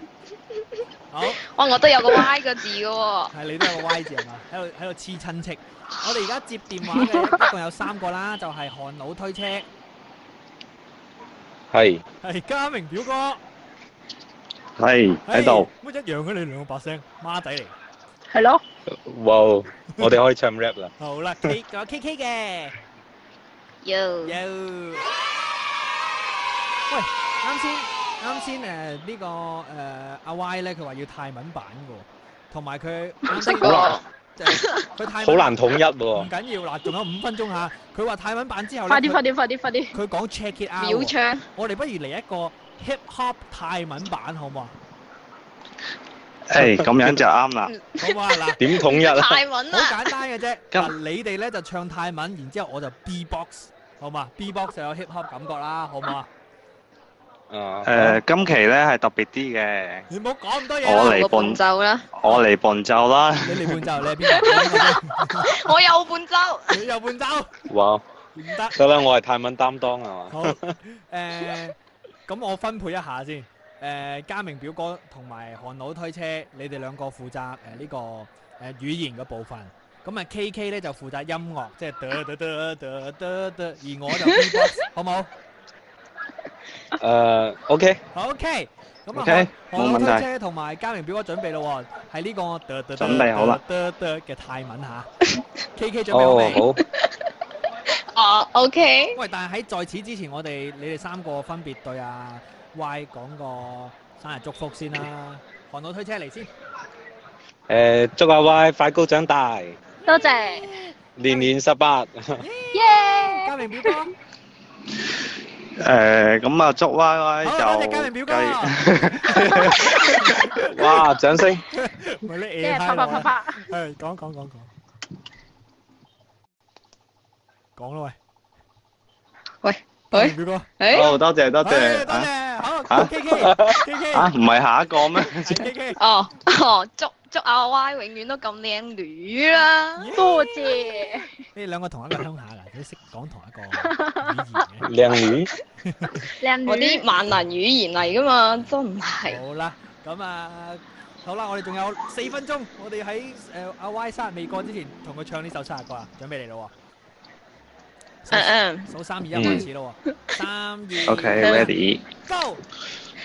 好，哇，我都有個 Y 個字嘅喎，係你都有個 Y 字啊？喺度喺度黐親戚，我哋而家接電話嘅一共有三個啦，就係韓佬推車。係，係嘉明表哥，係喺度。乜一樣嘅你兩個把聲，孖仔嚟？係咯。哇，我哋可以唱 rap 啦。好啦，K 仲有 K K 嘅。Yo。Yo。喂，啱先，啱先誒呢個誒阿 Y 咧，佢話要泰文版嘅喎，同埋佢。唔識講。好 難統一喎，唔緊要喇，仲有五分鐘吓。佢話泰文版之後，快啲快啲快啲快啲。佢講 check it out。秒唱鐘。我哋不如嚟一個 hip hop 泰文版，好唔、 欸、好啊？誒，咁樣就啱啦，好唔好啊？嗱，點統一啊？泰文好簡單嘅啫，嗱今，你哋咧就唱泰文，然之後我就 b box，好嘛？b box 就有 hip hop 感覺啦，好唔好啊？ 誒，今期咧係特別啲嘅。你唔好講咁多嘢，我嚟伴奏啦。我嚟伴奏啦。你嚟伴奏，你係邊個？我有伴奏。你有伴奏。哇！唔得，得啦，我係泰文擔當係嘛？好。誒，咁我分配一下先。誒，嘉明表哥同埋韓老推車，你哋兩個負責誒呢個誒語言嘅部分。咁啊，KK 咧就負責音樂，即係得得得得得得。而我就 B-box，好冇？誒，OK，好，OK，OK，冇問題。我推車同埋嘉明表哥準備咯，係呢個哆哆嘅泰文吓，KK 準備好未？哦，好。我 OK。喂，但係喺在此之前，我哋你哋三個分別對阿 Y 講個生日祝福先啦。韓佬推車嚟先。誒，祝阿 Y 快高長大。多謝。年年十八。耶！嘉明表哥。誒，咁啊，祝威威就，哇，掌聲！啪啪啪啪，係講講講講，講咯喂，喂喂，表哥，哦，多謝多謝多謝，好，K K K K，啊，唔係下一個咩？哦，哦，祝。祝阿 Y 永遠都咁靚女啦！多謝你哋兩個同一個鄉下嗱，你識講同一個語言嘅靚女，靚女我啲萬能語言嚟噶嘛，真係。好啦，咁啊，好啦，我哋仲有四分鐘，我哋喺誒阿 Y 生日未過之前，同佢唱呢首生日歌啊，準備嚟咯喎！嗯嗯，數三二一開始咯喎，三二。Okay，ready。Go。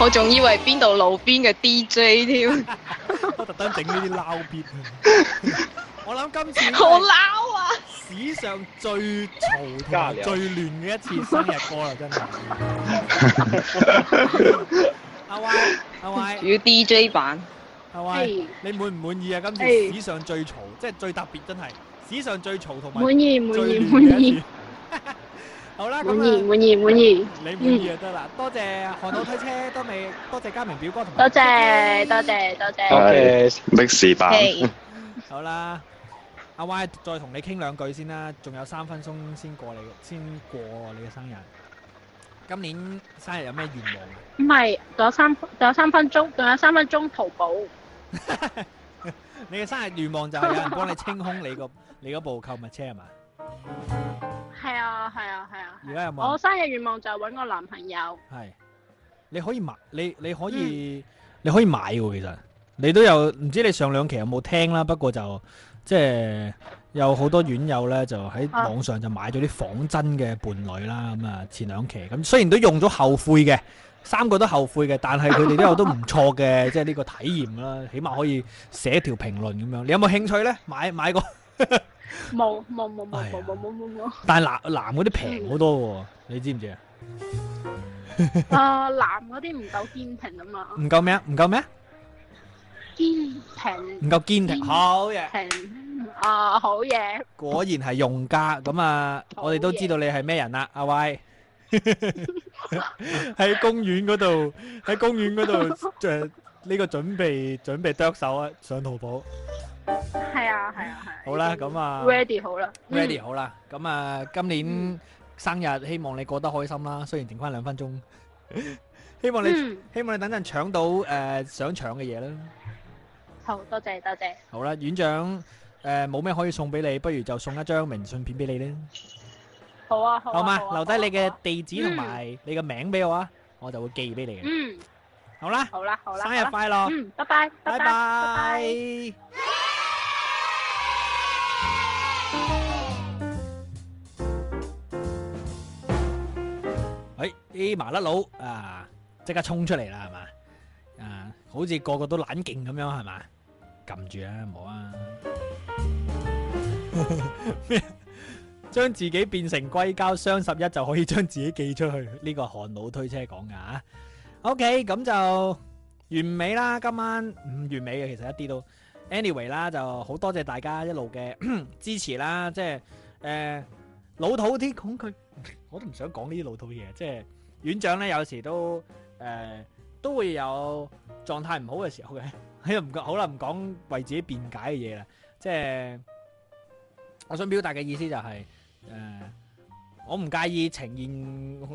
我仲以為邊度路邊嘅 DJ 添、嗯， 我特登整呢啲撈別，我諗今次好撈啊！史上最嘈同最亂嘅一次生日歌啦，真係。阿威，阿威，要 DJ 版，阿威，你滿唔滿意啊？今次史上最嘈，Hey. 即係最特別，真係史上最嘈同埋最亂。滿意滿意滿意。滿意滿意 好啦，滿意滿意滿意，你滿意就得啦。多謝韓島推車都未，多謝嘉明表哥同多謝多謝多謝，多謝的是吧？好啦，阿 Y 再同你傾兩句先啦，仲有三分鐘先過你，先過你嘅生日。今年生日有咩願望？唔係，仲有三仲有三分鐘，仲有三分鐘淘寶。你嘅生日願望就係有人幫你清空你個你嗰部購物車係嘛？係啊，係啊，係啊！而家有冇？我生日願望就揾個男朋友。係，你可以買，你你可以，嗯、你可以買嘅其實，你都有唔知你上兩期有冇聽啦。不過就即係有好多院友咧，就喺網上就買咗啲仿真嘅伴侶啦。咁啊，前兩期咁雖然都用咗後悔嘅，三個都後悔嘅，但係佢哋都有都唔錯嘅， 即係呢個體驗啦。起碼可以寫條評論咁樣。你有冇興趣咧？買買個？ 冇冇冇冇冇冇冇冇冇！但係男男嗰啲平好多喎，你知唔知啊？啊，男嗰啲唔夠堅挺啊嘛！唔夠咩？唔夠咩？堅挺！唔夠堅挺！好嘢！平啊，好嘢！果然係用家，咁啊，我哋都知道你係咩人啦，阿威。喺公園嗰度，喺公園嗰度，就呢個準備準備剁手啊，上淘寶。係啊，係啊，係。好啦，咁啊，ready 好啦，ready 好啦。咁啊，今年生日希望你過得開心啦。雖然剩翻兩分鐘，希望你希望你等陣搶到誒想搶嘅嘢啦。好多謝，多謝。好啦，院長誒，冇咩可以送俾你，不如就送一張明信片俾你咧。好啊，好。好嘛，留低你嘅地址同埋你嘅名俾我啊，我就會寄俾你嘅。嗯。好啦。好啦，好啦。生日快樂。嗯，拜拜，拜拜，拜拜。啲麻甩佬啊，即刻衝出嚟啦，係嘛啊，好似個個都懶勁咁樣，係嘛撳住啊，唔好啊將 自己變成硅膠，雙十一就可以將自己寄出去。呢個寒佬推車講噶嚇。OK，咁就完美啦。今晚唔完美嘅，其實一啲都 anyway 啦，就好多謝大家一路嘅 支持啦。即係誒、呃、老土啲講句，我都唔想講呢啲老土嘢，即係。院長咧，有時都誒、都會有狀態唔好嘅時候嘅，喺度唔講好啦，唔講為自己辯解嘅嘢啦。即係我想表達嘅意思就係誒，我唔介意呈現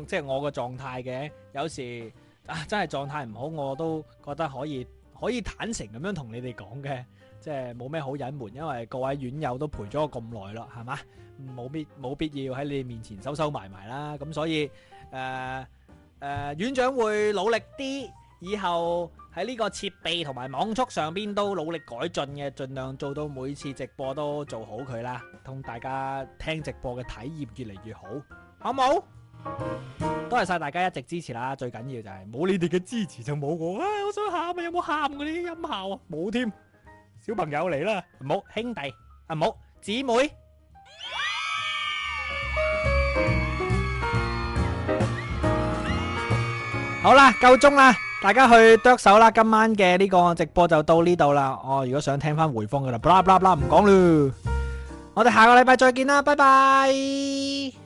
即係我嘅狀態嘅。有時啊真係狀態唔好，我都覺得可以可以坦誠咁樣同你哋講嘅，即係冇咩好隱瞞，因為各位院友都陪咗我咁耐啦，係嘛，冇必冇必要喺你哋面前收收埋埋啦。咁所以誒。誒，院長會努力啲，以後喺呢個設備同埋網速上邊都努力改進嘅，盡量做到每次直播都做好佢啦，同大家聽直播嘅體驗越嚟越好，好冇？多謝晒大家一直支持啦，最緊要就係冇你哋嘅支持就冇我啊！我想喊咪有冇喊嗰啲音效啊？冇添，小朋友嚟啦，阿冇兄弟，阿冇姊妹。好啦，夠鐘啦，大家去剁手啦！今晚嘅呢個直播就到呢度啦。我、哦、如果想聽翻回放嘅話，啦啦，唔講啦。我哋下個禮拜再見啦，拜拜。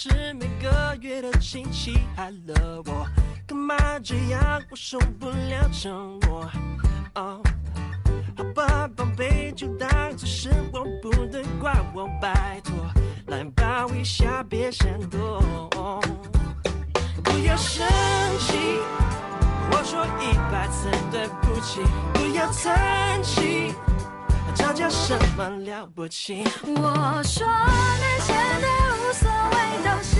是每個月的星期害了我，幹嘛這樣？我受不了折磨。哦、oh,，好吧，寶貝就，就當作是我不能怪我，拜託，來抱一下，別閃躲。Oh, 不要生氣，我說一百次對不起，不要嘆氣，Okay. 吵架什麼了不起？我說你真的。無所謂，都是。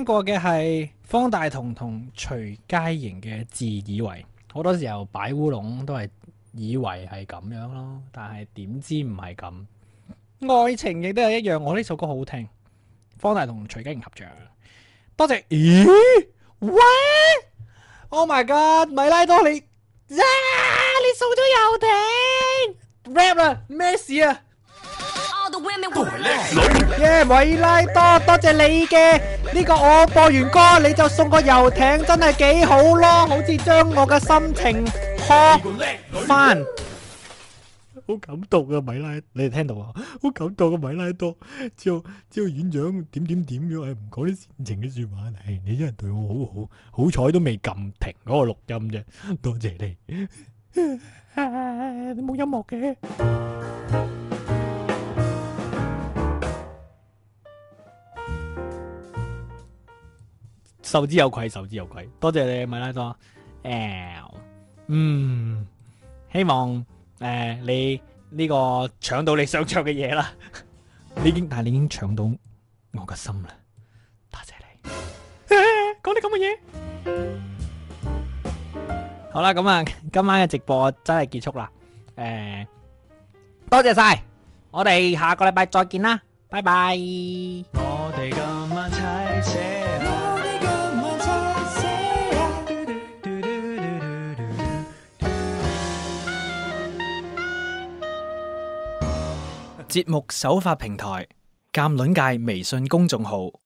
聽過嘅係方大同同徐佳瑩嘅《自以為》，好多時候擺烏龍都係以為係咁樣咯，但係點知唔係咁。愛情亦都係一樣，我呢首歌好好聽，方大同徐佳瑩合唱，多謝。咦？喂？Oh my god！米拉多尼，yeah, 你送咗遊艇 rap 啦？咩事啊？耶，米拉多，多謝你嘅呢個，我播完歌你就送個遊艇，真係幾好咯，好似將我嘅心情撲翻。好感動啊，米拉，你哋聽到嘛？好感動啊，米拉多，只要只要院長點點點樣，係唔講啲煽情嘅說話，係你真係對我好好，好彩都未撳停嗰個錄音啫，多謝你。你冇音樂嘅。受之有愧，受之有愧。多謝你，米拉多。誒，嗯，希望誒你呢個搶到你想搶嘅嘢啦。你已經，但係你已經搶到我嘅心啦。多謝你。講啲咁嘅嘢。好啦，咁啊，今晚嘅直播真係結束啦。誒，多謝晒，我哋下個禮拜再見啦，拜拜。節目首發平台：㨂撚界微信公眾號。